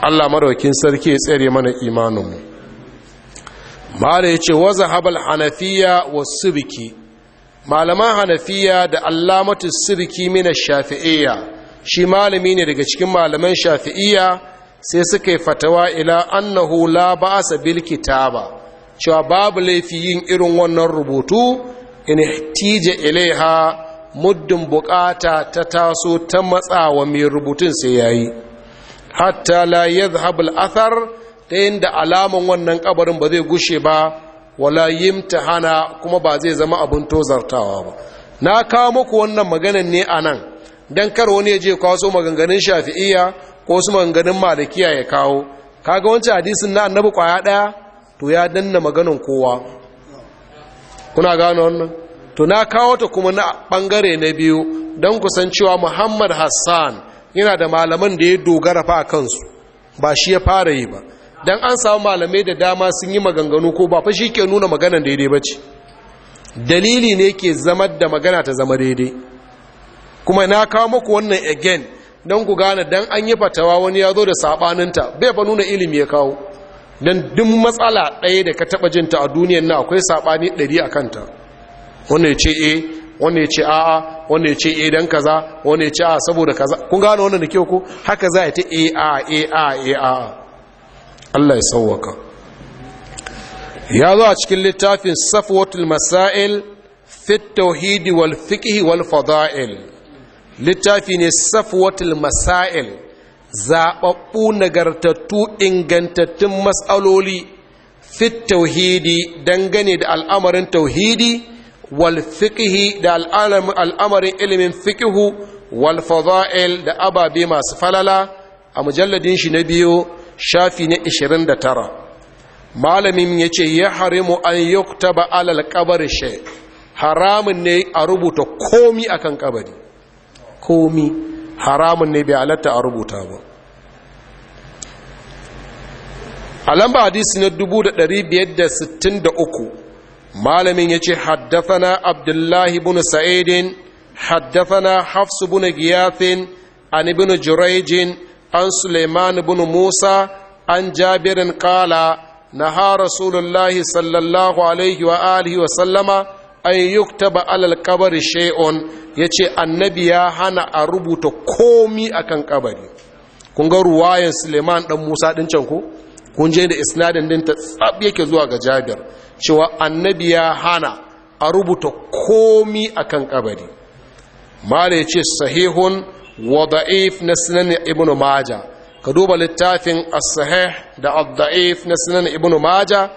allah maraukin sarki ya tsere mana imaninmu mara ya ce waza habal hanafiya wasu biki malaman hanafiya da allamatu sirki mina shafi'iyya shi malami ne daga cikin malaman shafi'iyya sai suka yi fatawa ila annahu la ba'asa bil kitaba cewa babu laifi yin irin wannan rubutu in tije ilaiha muddin bukata ta taso ta matsawa mai rubutun sai yayi hatta la yadhhab al athar ta inda alaman wannan kabarin ba zai gushe ba wala yimtahana kuma ba zai zama abin tozartawa ba na kawo muku wannan maganan ne a nan don kar wani ya je kwaso maganganun shafi'iyya ko su maganganun malikiya ya kawo kaga wancan hadisin na annabi kwaya daya to ya danna maganin kowa kuna gano wannan to na kawo ta kuma na bangare na biyu don kusan cewa muhammad hassan yana da malaman da ya dogara fa a kansu ba shi ya fara yi ba Don an samu malamai da dama sun yi maganganu ko ba fa shi ke nuna maganan daidai ba ce dalili ne ke zama da magana ta zama daidai kuma na kawo muku wannan again don ku gane don an yi fatawa wani ya zo da saɓaninta bai fa nuna ilimi ya kawo don duk matsala ɗaya da ka taɓa jinta a duniyan na akwai saɓani ɗari a kanta wanda ya ce e eh, wanda ya ce a'a wanda ya ce e dan kaza wanda ya ce a saboda kaza kun gane wannan da kyau ko haka za a ta eh, a a a a a Allah ya sauwaka ya zo a cikin littafin safwatul masail fit tauhidi wal fiqhi wal fada'il littafi ne safwatul masail zaɓaɓɓu nagartattu ingantattun matsaloli fit tauhidi dangane da al'amarin tauhidi wal fiqhi da al'amarin ilimin fiqhu wal fada'il da ababe masu falala a mujalladin shi na biyu shafi na 29 malamin ya ce ya harimu an ta alal kabar shi haramun ne a rubuta komi a kan kabari komi haramun ne bai halatta a rubuta ba a lamba hadisi na 563 malamin ya ce haddafana abdullahi bin sa'idin haddafana hafsu bin Giyafin, an ibn Jiraijin. an suleiman bin musa an jabirin kala naha rasulullahi sallallahu alaihi wa alihi wa sallama an yuktaba alal kabari Ya yace annabi ya hana a rubuta komi akan kabari kun ga ruwayen suleiman dan musa din can ko kun je da isnadin din ta tsab yake zuwa ga jabir cewa annabi ya hana a rubuta komi akan kabari mala yace sahihun wa da'if na sunan ibn maja ka duba littafin as-sahih da ad-da'if na sunan ibn maja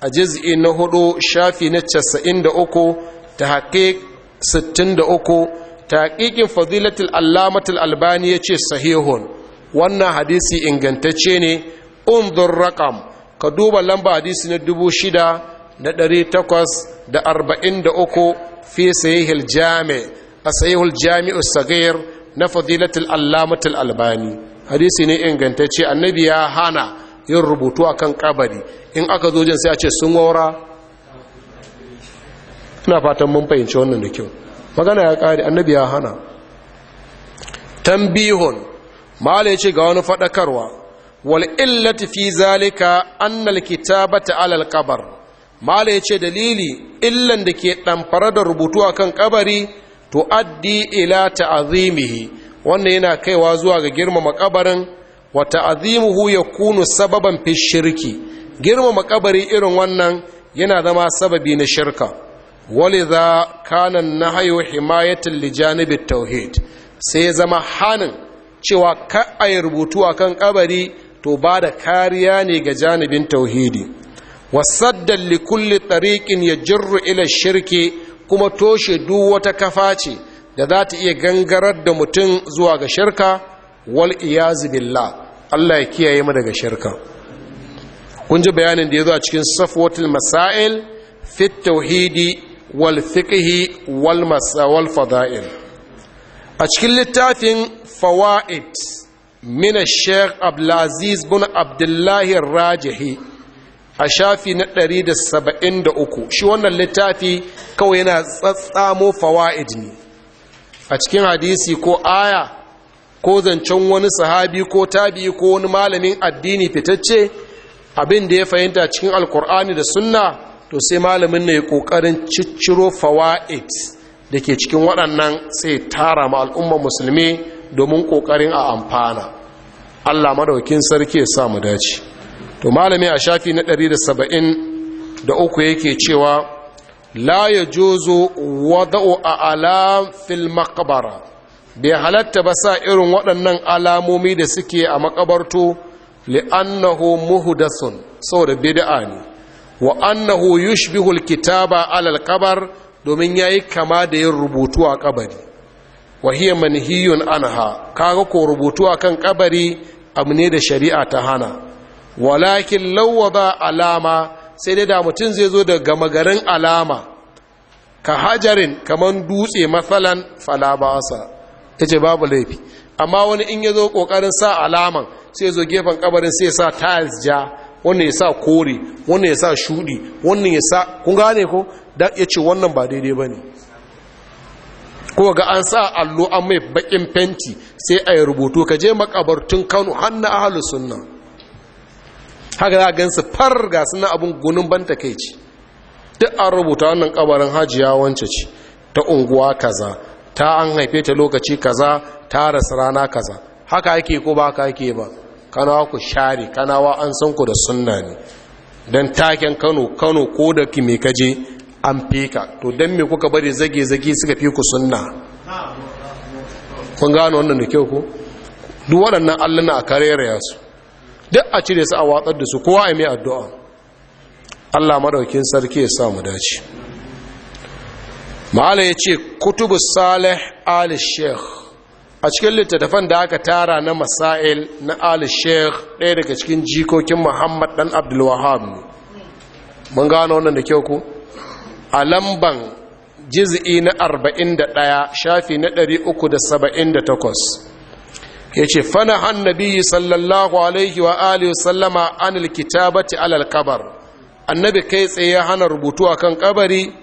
a juz'i na hudu shafi na 93 tahqiq 63 tahqiqin fadilatul allamatul albani yace sahihun wannan hadisi ingantacce ne undur Rakam. ka duba lamba hadisi na 6843 fi sahihil jami' a sahihul jami'us sagir na fadilatul allamatul albani hadisi ne ingantacce annabi ya hana yin rubutu akan kabari in aka zo jin sai a ce sun wara ina fatan mun fahimci wannan da kyau magana ya kare annabi ya hana tambihun malai ce ga wani fadakarwa wal illati fi zalika annal kitabata alal qabr malai ce dalili illan da ke damfara da rubutu akan kabari tu'addi ila ta'azimihi wannan yana kaiwa zuwa ga girmama kabarin wa ta'azimuhu kunu sababan fi shirki girmama kabari irin wannan yana zama sababi na shirka walidha kana an-nahyu himayatan li janibi tauhid sai zama hanin cewa ka ayi rubutu akan kabari to ba da kariya ne ga janibin tauhidi wasaddan li kulli ya jirru ila shirki kuma toshe duk wata kafa ce da za ta iya gangarar da mutum zuwa ga shirka wal iyazu billah Allah ya kiyaye mu daga shirka kun ji bayanin da ya zo a cikin safwatul masail fi tauhidi wal fiqhi wal masawal fada'il a cikin littafin fawaid min ash-shaykh Aziz bin Abdullah ar-Rajihi a shafi na 173 shi wannan littafi kawai yana tsatsamo fawa'id ne a cikin hadisi ko aya ko zancen wani sahabi ko tabi ko wani malamin addini fitacce abin da ya fahimta cikin alkur'ani da sunna to sai malamin ne ya kokarin cicciro fawa'id da ke cikin waɗannan sai tara ma al'ummar musulmi domin kokarin a amfana Allah madaukin sarki ya sa mu dace to malami a shafi na ɗari da saba'in da uku yake cewa la ya jozo wada'u a alam fil makabara bai halatta ba sa irin waɗannan alamomi da suke a makabarto li'annahu muhudasun saboda bid'a ne wa annahu yushbihul kitaba alal kabar domin yayi kama da yin rubutu a kabari wa hiya manhiyun anha kaga ko rubutu akan kabari abu ne da shari'a ta hana walakin ba alama sai dai da mutum zai zo da gama garin alama ka hajarin kaman dutse matsalan falabasa. Ya ce babu laifi amma wani in ya zo kokarin sa alaman sai zo gefen kabarin sai sa tiles ja wannan ya sa kore wannan ya sa shudi wannan ya sa kun gane ko da ya ce wannan ba daidai bane ko ga an sa allo an mai bakin fenti sai a yi rubutu ka je makabartun Kano har na ahlus sunna haka za a gansu far ga suna abin gunin ban takeici duk an rubuta wannan kabarin hajiya wance ce ta unguwa kaza ta an haife ta lokaci kaza ta rasu rana kaza haka ake ko ba haka ake ba kanawa ku share kanawa an san ku da sunna ne don taken kano kano ko da ki me kaje an fi ka to don me kuka bari zage-zage suka fi ku sunna kun gano wannan da kyau ku? duk waɗannan alluna a su. duk a cire su a watsar da su kowa a mai addu'a allah maɗaukin sarki ya samu dace ma'ala ya ce kutubu salih ali sheikh a cikin littattafan da aka tara na masail na ali sheikh ɗaya daga cikin jikokin muhammad ɗan abdulwahab ne mun gano wannan da kyau ku a lamban jiz'i na 41 shafi na 378 ya ce fana annabi sallallahu alaihi wa alihi sallama an alkitabati alal kabar annabi kai tsaye ya hana rubutu a kan kabari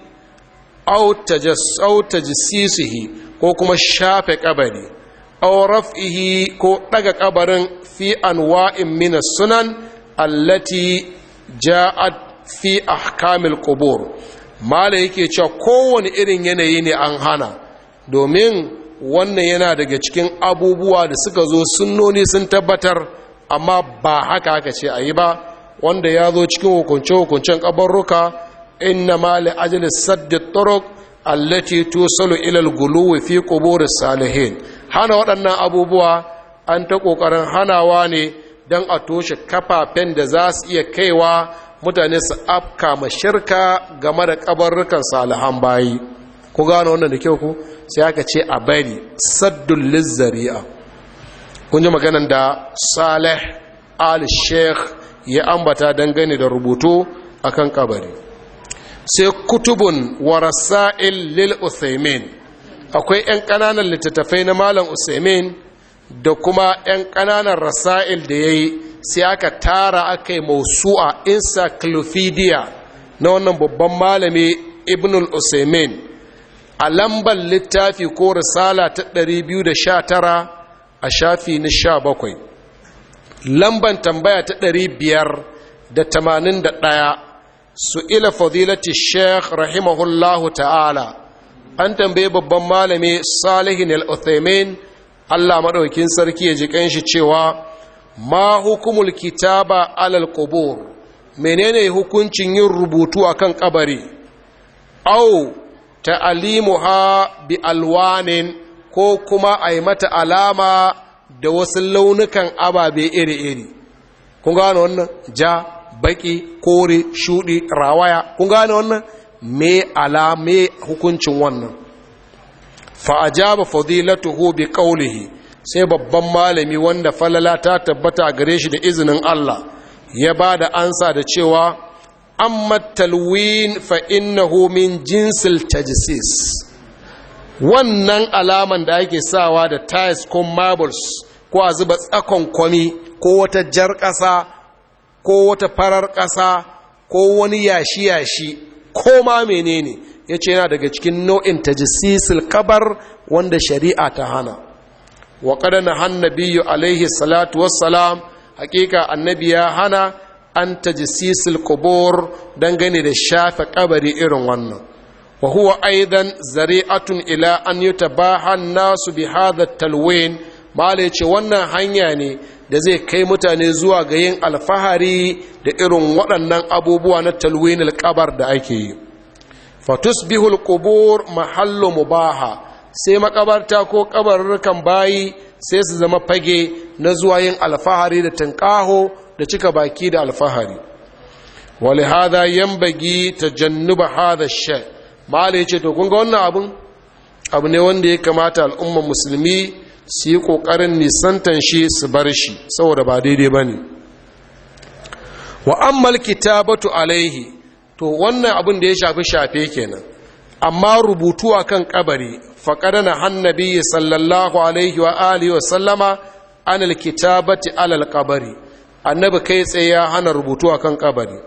auta jisisihi ko kuma shafe kabari auraf ihi ko daga kabarin fi wa'in mina sunan allati ja'at fi ahkamil qubur mala yake cewa kowane irin yanayi ne an hana domin wannan yana daga cikin abubuwa da suka zo sun sunnoni sun tabbatar amma ba haka haka ce a yi ba wanda ya zo cikin hukunce-hukuncen ƙabarruka inna ma li ajalis saddi turuq allati tusalu ila al-guluwi fi qubur salihin hana waɗannan abubuwa an ta ƙoƙarin hanawa ne don a toshe kafafen da za su iya kaiwa mutane su afka ma shirka game da ƙabarrukan salihan bayi ku gano wannan da kyau ku sai aka ce a bari saddun lizzari'a kun ji maganan da salih al-sheikh ya ambata dangane da rubutu akan kabari sai kutubun warasa'il lil usaimin akwai 'yan kananan littattafai na malam usaimin da kuma 'yan kananan rasa'il da ya yi sai aka tara aka yi mausu'a encyclopedia na wannan babban malami ibn al-usaimin a lambar littafi ko risala ta 219 a shafi na 17 lambar tambaya ta 581 ila fadilati sheikh rahimahullahu ta'ala an tambaye babban malami salihin al-uthaymin allah maɗaukin sarki ya ji shi cewa ma hukumul kitaba alal qubur menene hukuncin yin rubutu akan kabari au ta'alimuha bi alwanin ko kuma a mata alama da wasu launukan ababe iri-iri kun gano wannan ja baki kore shudi rawaya kun gano wannan me alame hukuncin wannan fa ajaba fadilatuhu bi qawlihi sai babban malami wanda falala ta tabbata gare shi da izinin Allah ya ba da ansa da cewa amma talwin fa innahu min jinsil tajsis wannan alaman da ake sawa da tiles ko marbles ko a zuba tsakon kwami ko wata jar ƙasa ko wata farar ƙasa ko wani yashi-yashi ko ma menene ya ce yana daga cikin nau'in tajisisil kabar wanda shari'a ta hana wa ƙadana hannabiyu alaihi salatu wassalam hakika annabi ya hana an ta tajsisil don gani da shafe kabari irin wannan wa huwa aidan zari'atun ila an yi tabahan nasu bi hadha talwin mala ce wannan hanya ne da zai kai mutane zuwa ga yin alfahari da irin waɗannan abubuwa na talwin alƙabar da ake yi fatus bihul alqubur mahallu mubaha sai makabarta ko kabarurkan bayi sai su zama fage na zuwa yin alfahari da tunƙaho da cika baki da alfahari wale hada yambagi ta jannuba hada sha mala ya ce to kun wannan abun abu ne wanda ya kamata al'umman musulmi su yi ƙoƙarin nisantan shi su bar shi saboda ba daidai ba ne wa ta kitabatu alaihi to wannan abun da ya shafi shafe kenan amma rubutu a kan kabari faƙada na hannabi sallallahu alaihi wa alihi wa sallama an alkitabati alal kabari annabi kai tsaye ya hana rubutu a kan kabari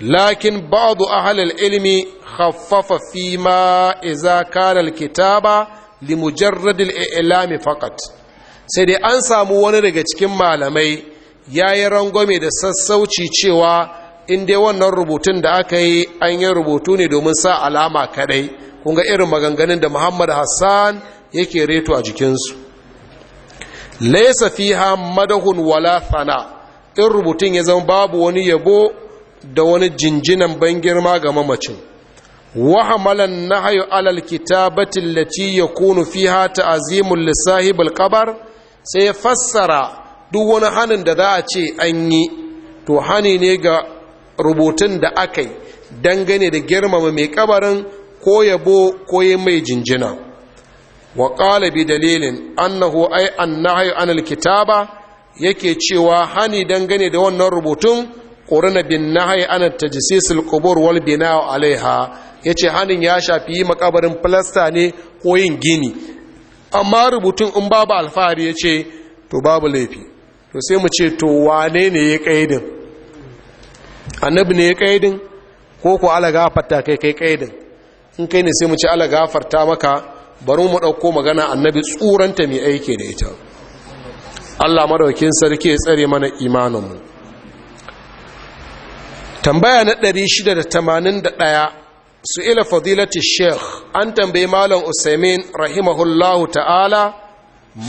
lakin ba'adu ahlul ilimi haffafa fi ma iza kanal kitaba li mujarradil ilami fakat sai dai an samu wani daga cikin malamai ya yi rangwame da sassauci cewa in wannan rubutun da aka yi an yi rubutu ne domin sa alama kadai kunga irin maganganun da Muhammad Hassan yake reto a jikinsu Lai fiha madahun wala thana' in rubutun ya zama babu wani yabo da wani jinjinan ban girma ga mamacin wa hamalan nahyu alal ya kunu yakunu fiha azimun lissahibul ƙabar. sai ya fassara duk wani hannun da za a ce an yi to hani ne ga rubutun da aka yi dangane da girmama mai kabarin ko yabo ko yi mai jinjina wa ƙalabi dalilin annahu na annahu anal kitaba yake cewa hani dangane da wannan rubutun ƙorina bin nahayi ana jise silkobor wal bina alaiha ce hannun ya shafi yi makabarin filasta ne ko yin gini amma rubutun in babu alfahari ya ce to babu laifi to sai mu ce to wane ne ya ƙaidin annabi ne ya ƙaidin ko ko ala gafarta kai kai ƙaidin in kai ne sai mu ce ala gafarta maka bari mu ɗauko magana annabi tsuranta mai aiki da ita Allah madaukin sarki ya tsare mana imaninmu tambaya na 681 ila fadilati sheikh an tambayi malam usaimin rahimahullahu ta'ala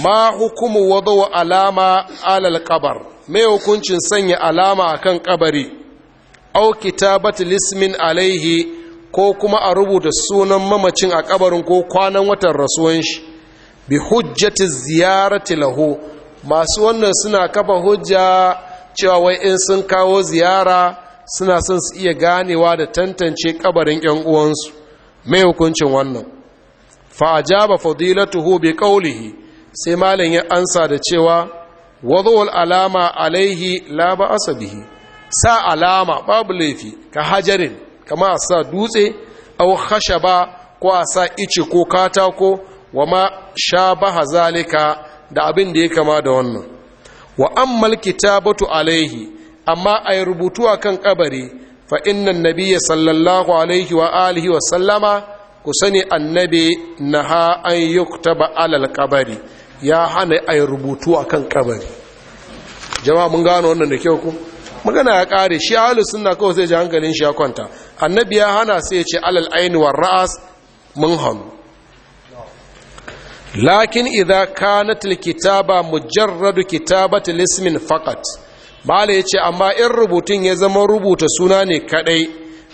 ma hukumu wa alama alal kabar mai hukuncin sanya alama akan kabari au kitabat lismin alaihi ko kuma a rubuta sunan mamacin a kabarin ko kwanan watan rasuwan shi bi hujjati ziyarati lahu masu wannan suna kafa hujja cewa wai in sun kawo ziyara suna son su iya ganewa da tantance kabarin yan uwansu mai hukuncin wannan fa ajaba fadilatuhu bi qawlihi sai malam ya ansa da cewa wadhul alama alaihi la ba'sa bihi sa alama babu laifi ka hajarin kama a sa dutse au khashaba ko a sa ice ko katako wa ma shabaha zalika da abin da ya kama da wannan wa ammal kitabatu alaihi amma a yi rubutu a kan kabari fa nabi ya sallallahu alaihi wa alihi wa sallama ku sani annabi na ha an yi yuktaba alal kabari ya hana a yi rubutu a kan kabari jama'a mun gano wannan da kyau ku magana ya kare shi ahlus suna kawai sai ji hankalin shi ya kwanta annabi ya hana sai ya ce alal ainihin ra'as mun hannu lakin idza kanat alkitaba mujarradu kitabati lismin faqat mala yace amma in rubutun ya zama rubuta suna ne kadai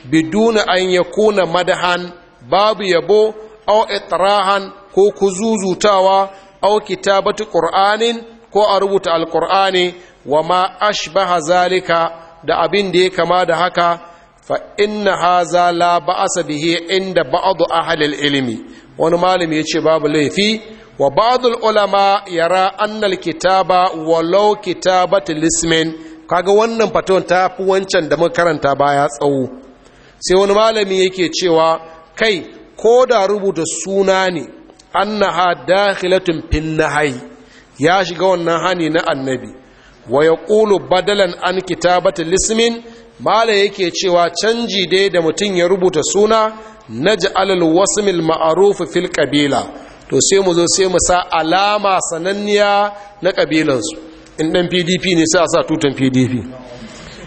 biduna an yakuna madahan babu yabo aw itrahan ko kuzuzutawa aw kitabatu Kur'anin ko a rubuta alqur'ani wa ma ashbaha zalika da abin da ya kama da haka fa inna haza la ba'asa bihi inda ba'adu ahlil ilmi wani malami yace babu laifi wa ba'dul ulama yara annal kitaba walau kitabat kaga wannan faton ta fi wancan da makaranta baya tsawo sai wani malami yake cewa kai ko da rubuta suna ne annaha dakhilatun fin ya shiga wannan hani na annabi wa yaqulu badalan an kitabati lismin mala yake cewa canji dai da mutum ya rubuta suna na ja'alal wasmil ma'aruf fil qabila to sai mu zo sai mu sa alama sananniya na kabilansu in dan PDP ne sai a sa tutan PDP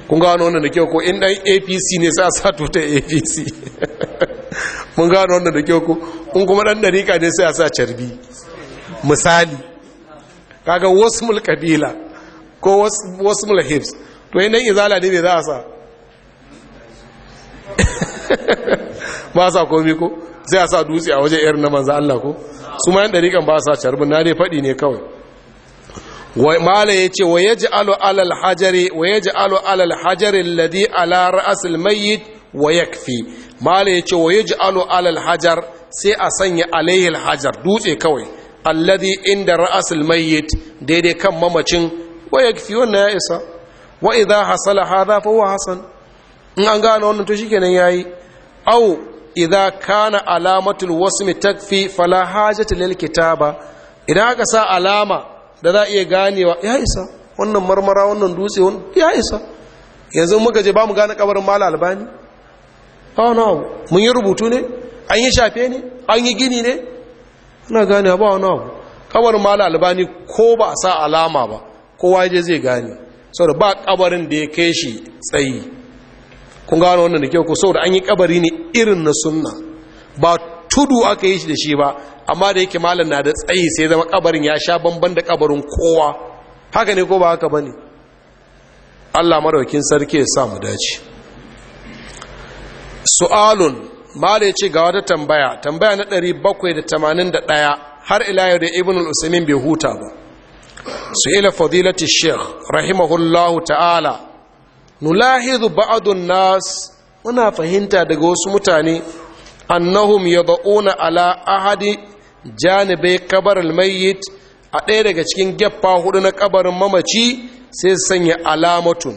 kun gano wannan da kyau ko in dan APC ne sai a sa tutan APC *laughs* mun gano wannan da kyau ko in kuma dan dariƙa ne sai a sa carbi misali kaga wasmul kabila ko wasmul hibs to yi nan izala ne za a sa *laughs* ba sa komi ko sai a sa dutse a wajen irin na manzan Allah ko su ma yan dariƙan ba sa carbin na dai faɗi ne kawai mala ya ce wa ya ji alo alal hajjari wa ya alo alal hajjari ladi ala ra'asul mayyit wa fi mala ya ce wa ya ji alo alal hajar sai a sanya alayhil hajar dutse kawai Alladi, inda ra'asul mayyit daidai kan mamacin wa fi wannan ya isa wa idan hasala hadha fa hasan in an gane wannan to shikenan yayi aw idza kana alamatul wasmi takfi fala hajata lil kitaba idan aka sa alama da za iya ganewa ya isa wannan marmara wannan dutse wannan ya isa yanzu muka je ba mu gane kabarin mala albani ba wani abu mun yi rubutu ne an yi shafe ne an yi gini ne ana gane ba wani abu kabarin mala albani ko ba a sa alama ba kowa je zai gane saboda ba kabarin da ya kai shi tsayi kun gano wannan da kyau ko saboda an yi kabari ne irin na sunna ba tudu aka yi shi da shi ba amma da yake malam na da tsayi sai zama kabarin ya sha bamban da kabarin kowa haka ne ko ba haka bane Allah madaukin sarki ya sa mu dace su'alun mala ya ce ga wata tambaya tambaya na 781 har ila yau da ibn al-usaimin bai huta ba su'ila fadilati sheikh rahimahullahu ta'ala nulahidu ba'adun nas muna fahimta daga wasu mutane annahum yad'una ala ahadi janibai kabar almayyit a ɗaya daga cikin geffa hudu na kabarin mamaci sai sanya alamatun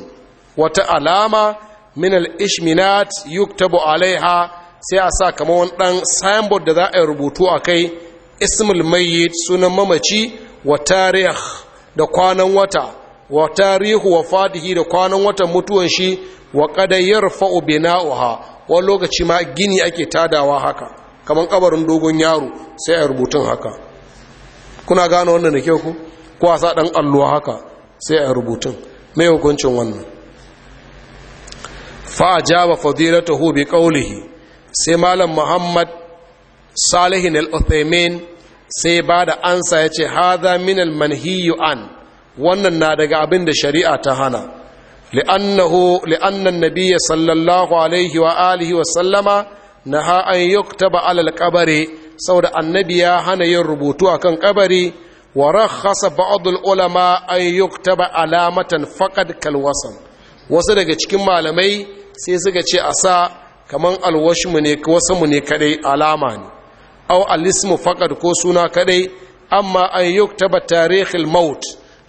wata alama min al-ishminat yuktabu alaiha sai a sa kamar wani ɗan signboard da za a rubutu a kai ismul mayyit sunan mamaci wa tarih da kwanan wata wa tarihu fadihi da kwanan watan mutuwan shi wa qad yarfa'u bina'uha wani lokaci ma gini ake tadawa haka kamar kabarin dogon yaro sai a rubutun haka kuna gane wannan da kyau ku Kuwa a sa dan alluwa haka sai a rubutun mai hukuncin wannan ba Fadila ta bi qawlihi sai malam muhammad salihin al-uthaymin sai ba da ansa ya ce haza minal manhiyu an wannan na daga abin da shari'a ta hana li'annahu li'annan nabiyya sallallahu alaihi wa alihi wa sallama naha an yuktaba alal qabri saboda annabi ya hana yin rubutu akan kabari wa rakhasa ba'd ulama an yuktaba alamatan faqad kal wasu daga cikin malamai sai suka ce a sa kaman alwashmu ne mu ne kadai alama ne Au alismu faqad ko suna kadai amma an yuktaba tarihil maut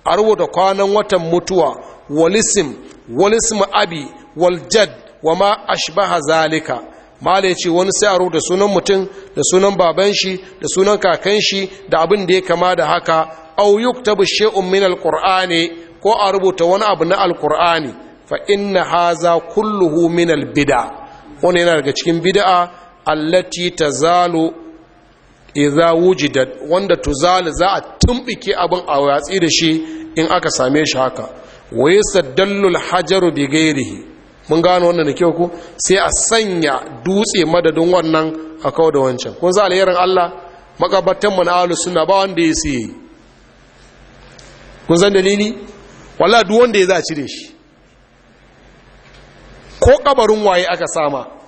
a rubuta kwanan watan mutuwa walisim walisim abi waljad wa ma ashbaha zalika mala ya ce wani sai a rubuta sunan mutum da sunan baban shi da sunan kakan shi da abin da ya kama da haka au yuktabu shay'un min alqur'ani ko a rubuta wani abu na alqur'ani fa inna haza kulluhu min albid'a Wani yana daga cikin bid'a allati tazalu idza wujidat wanda tuzal za a tumbike abin a watsi da shi in aka same shi haka wa yasadallu alhajaru hajaru bi ghairihi mun gano wannan da kyau ko sai a sanya dutse madadin wannan a kawo da wancan kun za alherin Allah makabatan mu na ahlus sunna ba wanda ya siye kun san dalili wallahi duk wanda ya za a cire shi ko kabarin waye aka sama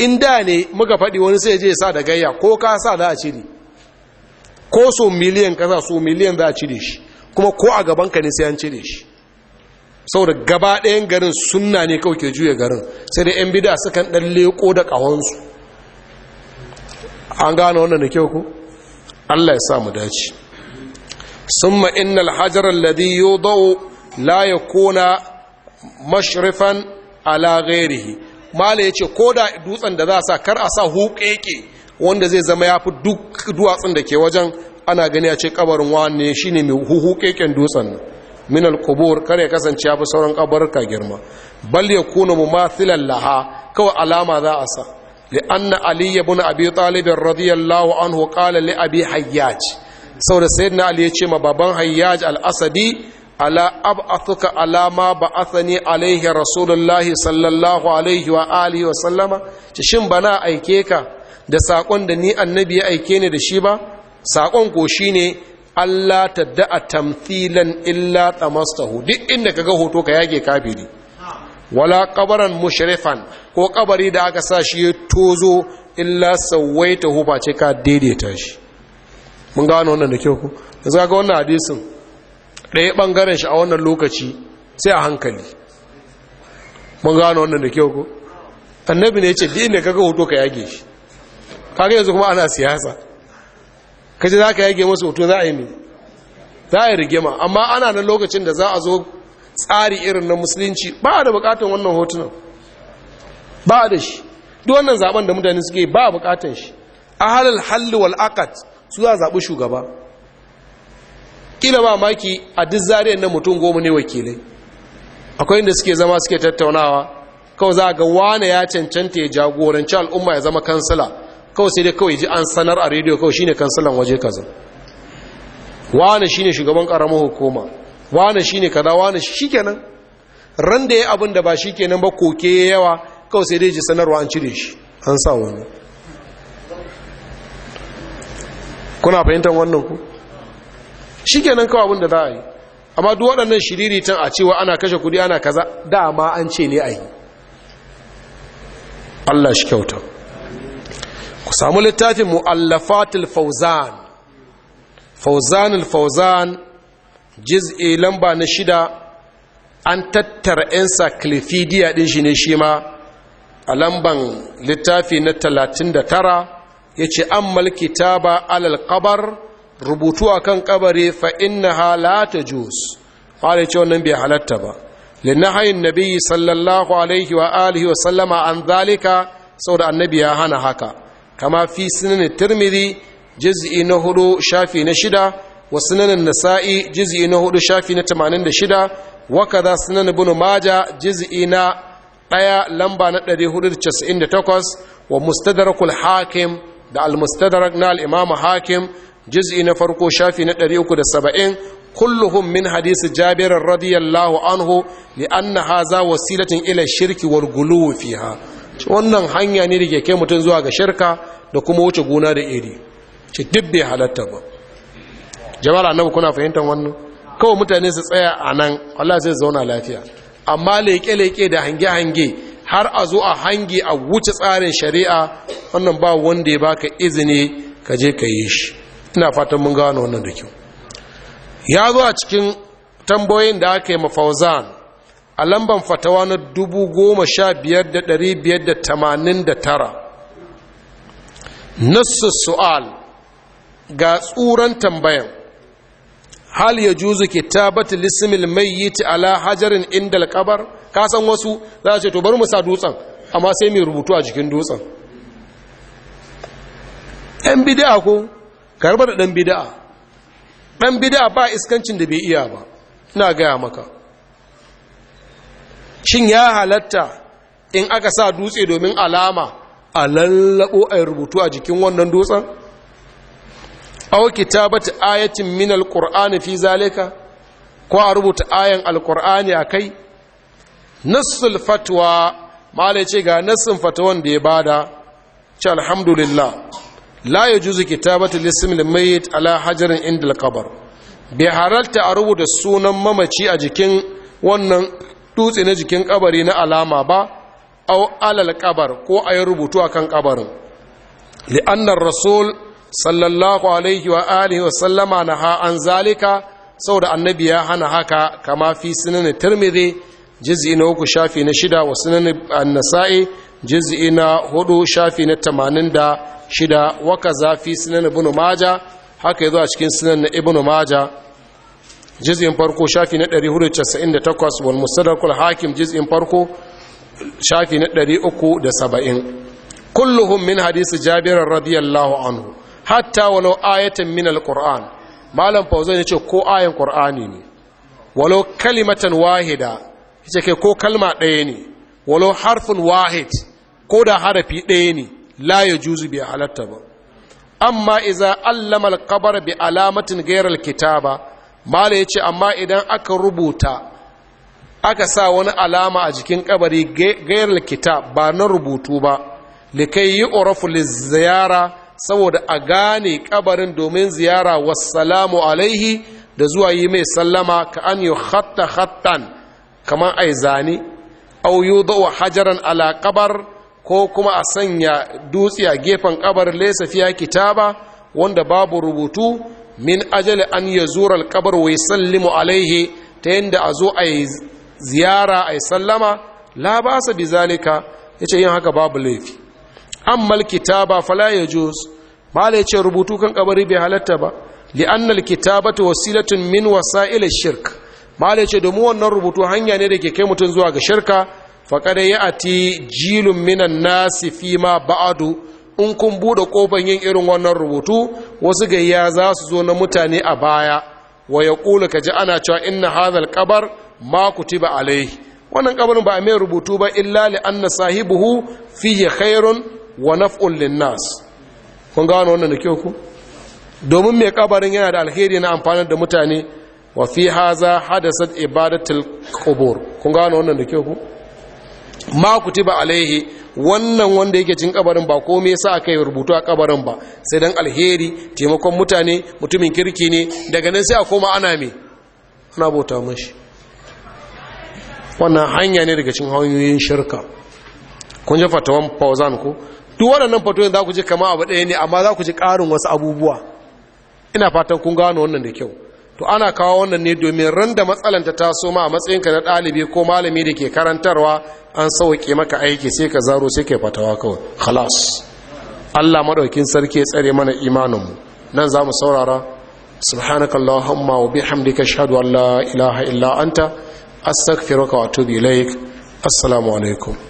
in da ne muka faɗi wani sai je sa da gayya ko ka sa za a cire ko su miliyan ka sa, su miliyan za a cire shi kuma ko a gaban ka ne sai an cire shi saboda gaba ɗayan garin sunna ne kawai ke juya garin sai da 'yan bida sukan ɗan leƙo da ƙawansu. an gano wannan da kyau ku allah ya sa mu dace ثم إن الحجر الذي يوضع لا يكون مشرفا ala غيره mala ya ce ko da dutsen da za a sa kar a sa huƙeƙe wanda zai zama ya fi duk duwatsun da ke wajen ana gani a ce kabarin wane shi ne mai hukeken dutsen Minal min alkubur kar ya kasance ya fi sauran kabarka girma bal ya kuna mu ma laha kawai alama za a sa li'anna ali bin abi talibin radiyallahu anhu kala li abi hayyaj saboda sayyidina ali ya ce ma baban hayyaj al-asadi ala ab'athuka ala ma ba'athani alayhi rasulullahi sallallahu alayhi wa alihi wa sallama ci shin bana aike ka da sakon da ni annabi ya aike ni da shi ba sakon ko shine Allah ta da'a tamthilan illa tamastahu duk inda kaga hoto ka yage kafiri wala qabaran mushrifan ko kabari da aka sa shi tozo illa sawaitahu ba ce ka daidaita shi mun gano wannan da kyau ku yanzu ga wannan hadisin ɗaya ɓangaren shi a wannan lokaci sai a hankali mun gano wannan da kyau ko annabi ne ya ce duk da kaga hoto ka yage shi kaga yanzu kuma ana siyasa Ka kaje za ka yage masu hoto za a yi ne za a yi rigima amma ana nan lokacin da za a zo tsari irin na musulunci ba da bukatan wannan hotunan ba da shi duk wannan zaben da mutane suke ba bukatan shi a halal halli wal su za a zaɓi shugaba kila ba maki a duk zariyar na mutum goma ne wakilai akwai inda suke zama suke tattaunawa kawai za a ga wane ya cancanta ya jagoranci al'umma ya zama kansila kawai sai dai kawai ji an sanar a rediyo kawai shine kansilan waje kaza wane shine shugaban karamar hukuma wane shine kaza wane shikenan ran da ya abin da ba shikenan ba koke yawa kawai sai dai ji sanarwa an cire shi an sa wani kuna fahimtar wannan ku shi kenan kawo abin da za a yi amma duk waɗannan shiriritan a cewa ana kashe kudi ana kaza dama an ce ne a yi allah shi kyauta ku samu littafin mu'allafatul fauzan fauzan fauzan jiz'i lamba na shida an tattara encyclopedia din shi ne shi ma a lamban littafi na 39 ya ce an malkita ba alal kabar rubutu a kan kabari fa inna halata jus fara ce wannan bai halatta ba Lina linnahayin nabi sallallahu alaihi wa alihi wa sallama an zalika saboda annabi ya hana haka kama fi sunan tirmidhi juz'i na hudu shafi na shida wa sunan nasa'i juz'i na hudu shafi na tamanin 86 wa kaza sunan ibn majah juz'i na ɗaya lamba na ɗari casa'in da takwas wa mustadrakul hakim da al-mustadrak na al-imam hakim juz'i na farko shafi na 370 kulluhum min hadisi jabir radiyallahu anhu li anna haza wasilatin ila shirki wal gulu fiha wannan hanya ne da ke kai mutum zuwa ga shirka da kuma wuce gona da iri ci duk bai halatta ba jama'ar annabi kuna fahimtar wannan kawai mutane su tsaya a nan Allah sai zauna lafiya amma leke-leke da hange-hange har a zo a hange a wuce tsarin shari'a wannan ba wanda ya baka izini ka je ka yi shi ina fatan mun gano wannan da kyau ya zo a cikin tambayoyin da aka yi mafauzan a lamban fatawa na 10589 nassu su'al ga tsuran tambayan hal ya juzu mai yi ta ala hajarin inda alkabar ka san wasu za a ce to bari mu sa dutsen amma sai mai rubutu a jikin dutsen yan bid'a ko karba da ɗan bida'a ɗan bida'a ba iskancin da bai iya ba ina gaya maka shin ya halatta in aka sa dutse domin alama a lallabo a rubutu a jikin wannan dutsen aw kitabati ayatin min alqur'ani fi zalika ko a rubuta ayan alqur'ani akai nassul fatwa malai ce ga nassin fatawan da ya bada ce alhamdulillah la ya juzu kitabata lissimil mayit ala hajarin inda alkabar bai halarta a rubuta sunan mamaci a jikin wannan dutse jikin ƙabari na alama ba au alal kabar ko a yi rubutu akan kan kabarin li'annar rasul sallallahu alaihi wa alihi wa sallama na ha an zalika saboda annabi ya hana haka kama fi sunan tirmidhi juz'i na uku shafi na shida wa sunan nasa'i juz'i na hudu shafi na tamanin da shida waka zafi sunan ibn maja haka yazo a cikin sunan na ibn maja juz'in farko shafi na 498 wal musaddaqul hakim juz'in farko shafi na 370 kulluhum min hadisi jabir radiyallahu anhu hatta walau ayatan min alquran malam fauzan yace ko ayan qur'ani ne walau kalimatan wahida yace ko kalma ɗaya ne walau harfun wahid ko da harafi ɗaya ne la ya juzu bai halatta ba amma iza allama bai bi alamatin kita kitaba mala ya ce amma idan aka rubuta aka sa wani alama a jikin kabari gairar kitab ba na rubutu ba likai yi orafu ziyara saboda a gane kabarin domin ziyara wassalamu alaihi da zuwa yi mai sallama ka an yi hatta hattan kamar ai zane au yi hajaran ala ko kuma a sanya dutse a gefen kabar lesa fiya kitaba wanda babu rubutu min ajali an ya zura alkabar wai sallimu alaihi ta yadda a zo a ziyara a yi sallama la ba sa bi zalika ya ce yin haka babu laifi ammal kitaba fala ya juz ba ya ce rubutu kan kabari bai halatta ba kitaba ta wasilatun min wasa'il shirk ba ya ce domin wannan rubutu hanya ne da ke kai mutum zuwa ga shirka faƙada ya ati jilun minan nasi fi ma ba'adu in kun buɗe ƙofar yin irin wannan rubutu wasu gayya za su zo na mutane a baya wa ya ƙula ka ji ana cewa inna hazal kabar ma ku ba alai wannan kabarin ba a mai rubutu ba illa li anna sahibuhu fiye khairun wa naf'un nas kun gano wannan da kyau ku domin mai ƙabarin yana da alheri na amfanar da mutane wa fi haza hadasat ibadatul qubur kun gano wannan da kyau ku ma kutiba alaihi wannan wanda yake cin kabarin ba ko me yasa aka yi rubutu a kabarin ba sai dan alheri taimakon mutane mutumin kirki ne daga nan sai a koma ana me ana bauta mashi wannan hanya ne daga cin hanyoyin shirka kun ji fatawan fauzan ko duk waɗannan fatawan za ku ji kama abu ɗaya ne amma za ku ji ƙarin wasu abubuwa ina fatan kun gano wannan da kyau to ana kawo wannan ne domin ran da matsalan ta taso ma a matsayinka na ɗalibi ko malami da ke karantarwa an sauke maka aiki sai ka zaro sai ka fatawa kawai khalas Allah madaukin sarki ya tsare mana imanin mu nan zamu saurara subhanakallahumma wa bihamdika ashhadu an la ilaha illa anta astaghfiruka wa atubu ilaik assalamu alaikum